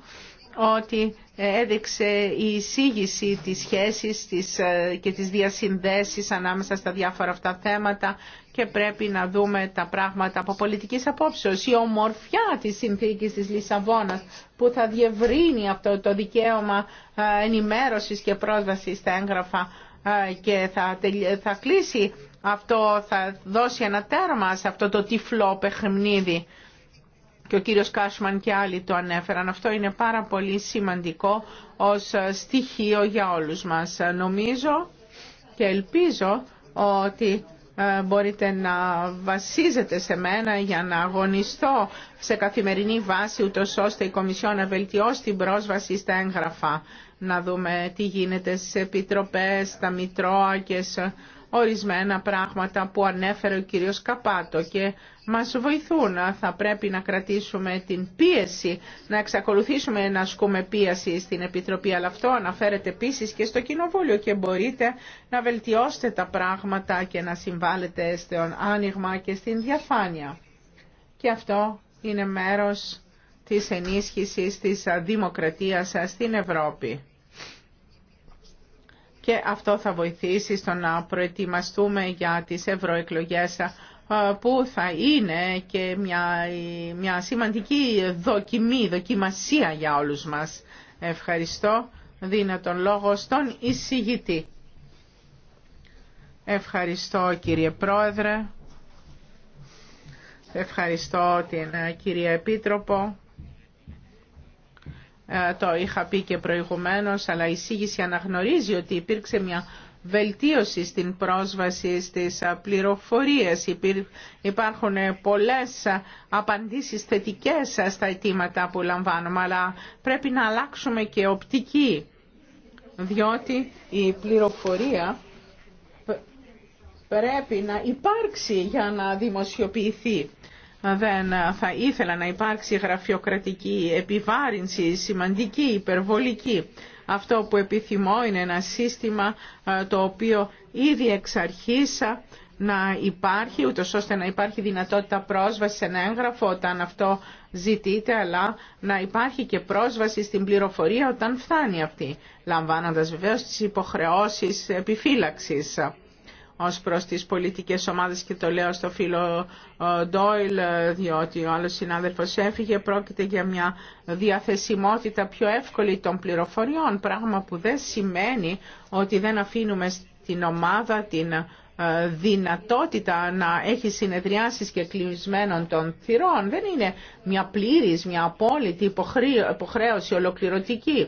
ότι έδειξε η εισήγηση της σχέσης της, ε, και της διασυνδέσεις ανάμεσα στα διάφορα αυτά θέματα και πρέπει να δούμε τα πράγματα από πολιτικής απόψεως. Η ομορφιά της συνθήκης της Λισαβόνας που θα διευρύνει αυτό το δικαίωμα ε, ενημέρωσης και πρόσβασης στα έγγραφα ε, και θα, θα κλείσει αυτό, θα δώσει ένα τέρμα σε αυτό το τυφλό παιχνίδι και ο κύριος Κάσμαν και άλλοι το ανέφεραν. Αυτό είναι πάρα πολύ σημαντικό ως στοιχείο για όλους μας. Νομίζω και ελπίζω ότι ε, μπορείτε να βασίζετε σε μένα για να αγωνιστώ σε καθημερινή βάση ούτως ώστε η Κομισιόν να βελτιώσει την πρόσβαση στα έγγραφα. Να δούμε τι γίνεται στις επιτροπές, στα μητρώα ορισμένα πράγματα που ανέφερε ο κύριος Καπάτο και μας βοηθούν. Θα πρέπει να κρατήσουμε την πίεση, να εξακολουθήσουμε να ασκούμε πίεση στην Επιτροπή, αλλά αυτό αναφέρεται επίσης και στο Κοινοβούλιο και μπορείτε να βελτιώσετε τα πράγματα και να συμβάλλετε στον άνοιγμα και στην διαφάνεια. Και αυτό είναι μέρος της ενίσχυσης της δημοκρατίας στην Ευρώπη και αυτό θα βοηθήσει στο να προετοιμαστούμε για τις ευρωεκλογές ε, που θα είναι και μια, μια σημαντική δοκιμή, δοκιμασία για όλους μας. Ευχαριστώ. Δίνω τον λόγο στον εισηγητή. Ευχαριστώ κύριε Πρόεδρε. Ευχαριστώ την ε, κυρία Επίτροπο. Ε, το είχα πει και προηγουμένως, αλλά η εισήγηση αναγνωρίζει ότι υπήρξε μια βελτίωση στην πρόσβαση στις ε, πληροφορίες. Υπάρχουν ε, πολλές απαντήσεις θετικές στα αιτήματα που λαμβάνουμε, αλλά πρέπει να αλλάξουμε και οπτική, διότι η πληροφορία πρέπει να υπάρξει για να δημοσιοποιηθεί δεν θα ήθελα να υπάρξει γραφειοκρατική επιβάρυνση σημαντική, υπερβολική. Αυτό που επιθυμώ είναι ένα σύστημα ε, το οποίο ήδη εξ ε, να υπάρχει, ούτως ώστε να υπάρχει δυνατότητα πρόσβαση σε ένα έγγραφο όταν αυτό ζητείται, αλλά να υπάρχει και πρόσβαση στην πληροφορία όταν φτάνει αυτή, λαμβάνοντας βεβαίως τις υποχρεώσεις επιφύλαξης ως προς τις πολιτικές ομάδες και το λέω στο φίλο ε, Ντόιλ ε, διότι ο άλλος συνάδελφος έφυγε πρόκειται για μια διαθεσιμότητα πιο εύκολη των πληροφοριών πράγμα που δεν σημαίνει ότι δεν αφήνουμε στην ομάδα την ε, δυνατότητα να έχει συνεδριάσεις και κλεισμένων των θυρών. Δεν είναι μια πλήρης, μια απόλυτη υποχρέωση ολοκληρωτική.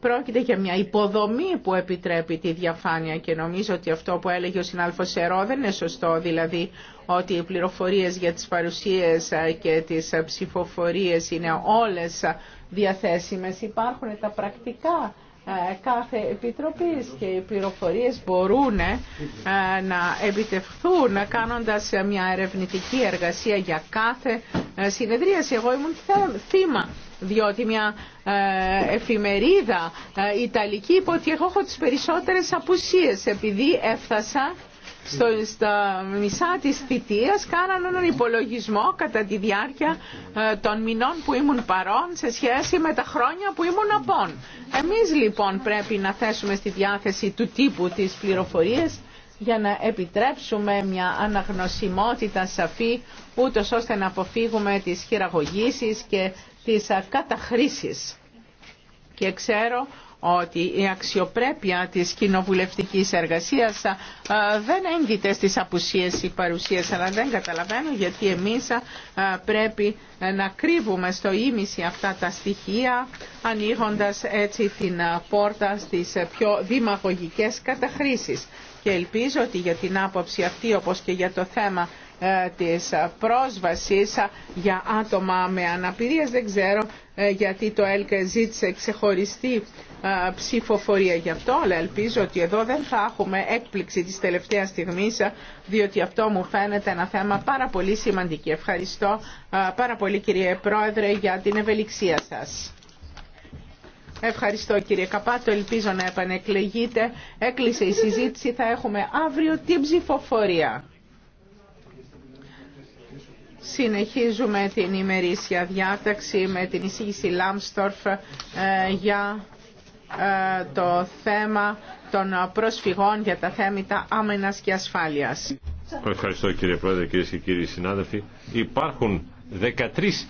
Πρόκειται για μια υποδομή που επιτρέπει τη διαφάνεια και νομίζω ότι αυτό που έλεγε ο συνάδελφος Σερό δεν είναι σωστό, δηλαδή ότι οι πληροφορίες για τις παρουσίες ε, και τις ε, ψηφοφορίες είναι όλες διαθέσιμες. Υπάρχουν τα πρακτικά ε, κάθε επιτροπής και οι πληροφορίες μπορούν να επιτευχθούν κάνοντας μια ερευνητική εργασία για κάθε συνεδρίαση. Εγώ ήμουν θύμα διότι μια ε, εφημερίδα ε, Ιταλική είπε ότι εγώ έχω τις περισσότερες απουσίες επειδή έφτασα στο, στα μισά της θητείας κάναν έναν υπολογισμό κατά τη διάρκεια ε, των μηνών που ήμουν παρόν σε σχέση με τα χρόνια που ήμουν απόν. Εμείς λοιπόν πρέπει να θέσουμε στη διάθεση του τύπου τις πληροφορίες για να επιτρέψουμε μια αναγνωσιμότητα σαφή, ούτω ώστε να αποφύγουμε τις χειραγωγήσεις και τις καταχρήσεις. Και ξέρω ότι η αξιοπρέπεια της κοινοβουλευτικής εργασίας δεν έγκυται στις απουσίες ή παρουσίες, αλλά δεν καταλαβαίνω γιατί εμείς πρέπει να κρύβουμε στο ίμιση αυτά τα στοιχεία, ανοίγοντας έτσι την πόρτα στις πιο δημαγωγικές καταχρήσεις και ελπίζω ότι για την άποψη αυτή όπως και για το θέμα ε, της πρόσβασης για άτομα με αναπηρίες. Δεν ξέρω ε, γιατί το ΕΛΚΕ ζήτησε ξεχωριστή ε, ψηφοφορία γι' αυτό, αλλά ελπίζω ότι εδώ δεν θα έχουμε έκπληξη της τελευταίας στιγμής, διότι αυτό μου φαίνεται ένα θέμα πάρα πολύ σημαντικό. Ευχαριστώ πάρα πολύ κύριε Πρόεδρε για την ευελιξία σας. Ευχαριστώ κύριε Καπάτο, ελπίζω να επανεκλεγείτε. Έκλεισε η συζήτηση, θα έχουμε αύριο την ψηφοφορία. Συνεχίζουμε την ημερήσια διάταξη με την εισήγηση Λάμστορφ ε, για ε, το θέμα των προσφυγών για τα θέματα άμενας και ασφάλειας. Ευχαριστώ κύριε Πρόεδρε, κυρίες και κύριοι συνάδελφοι. Υπάρχουν 13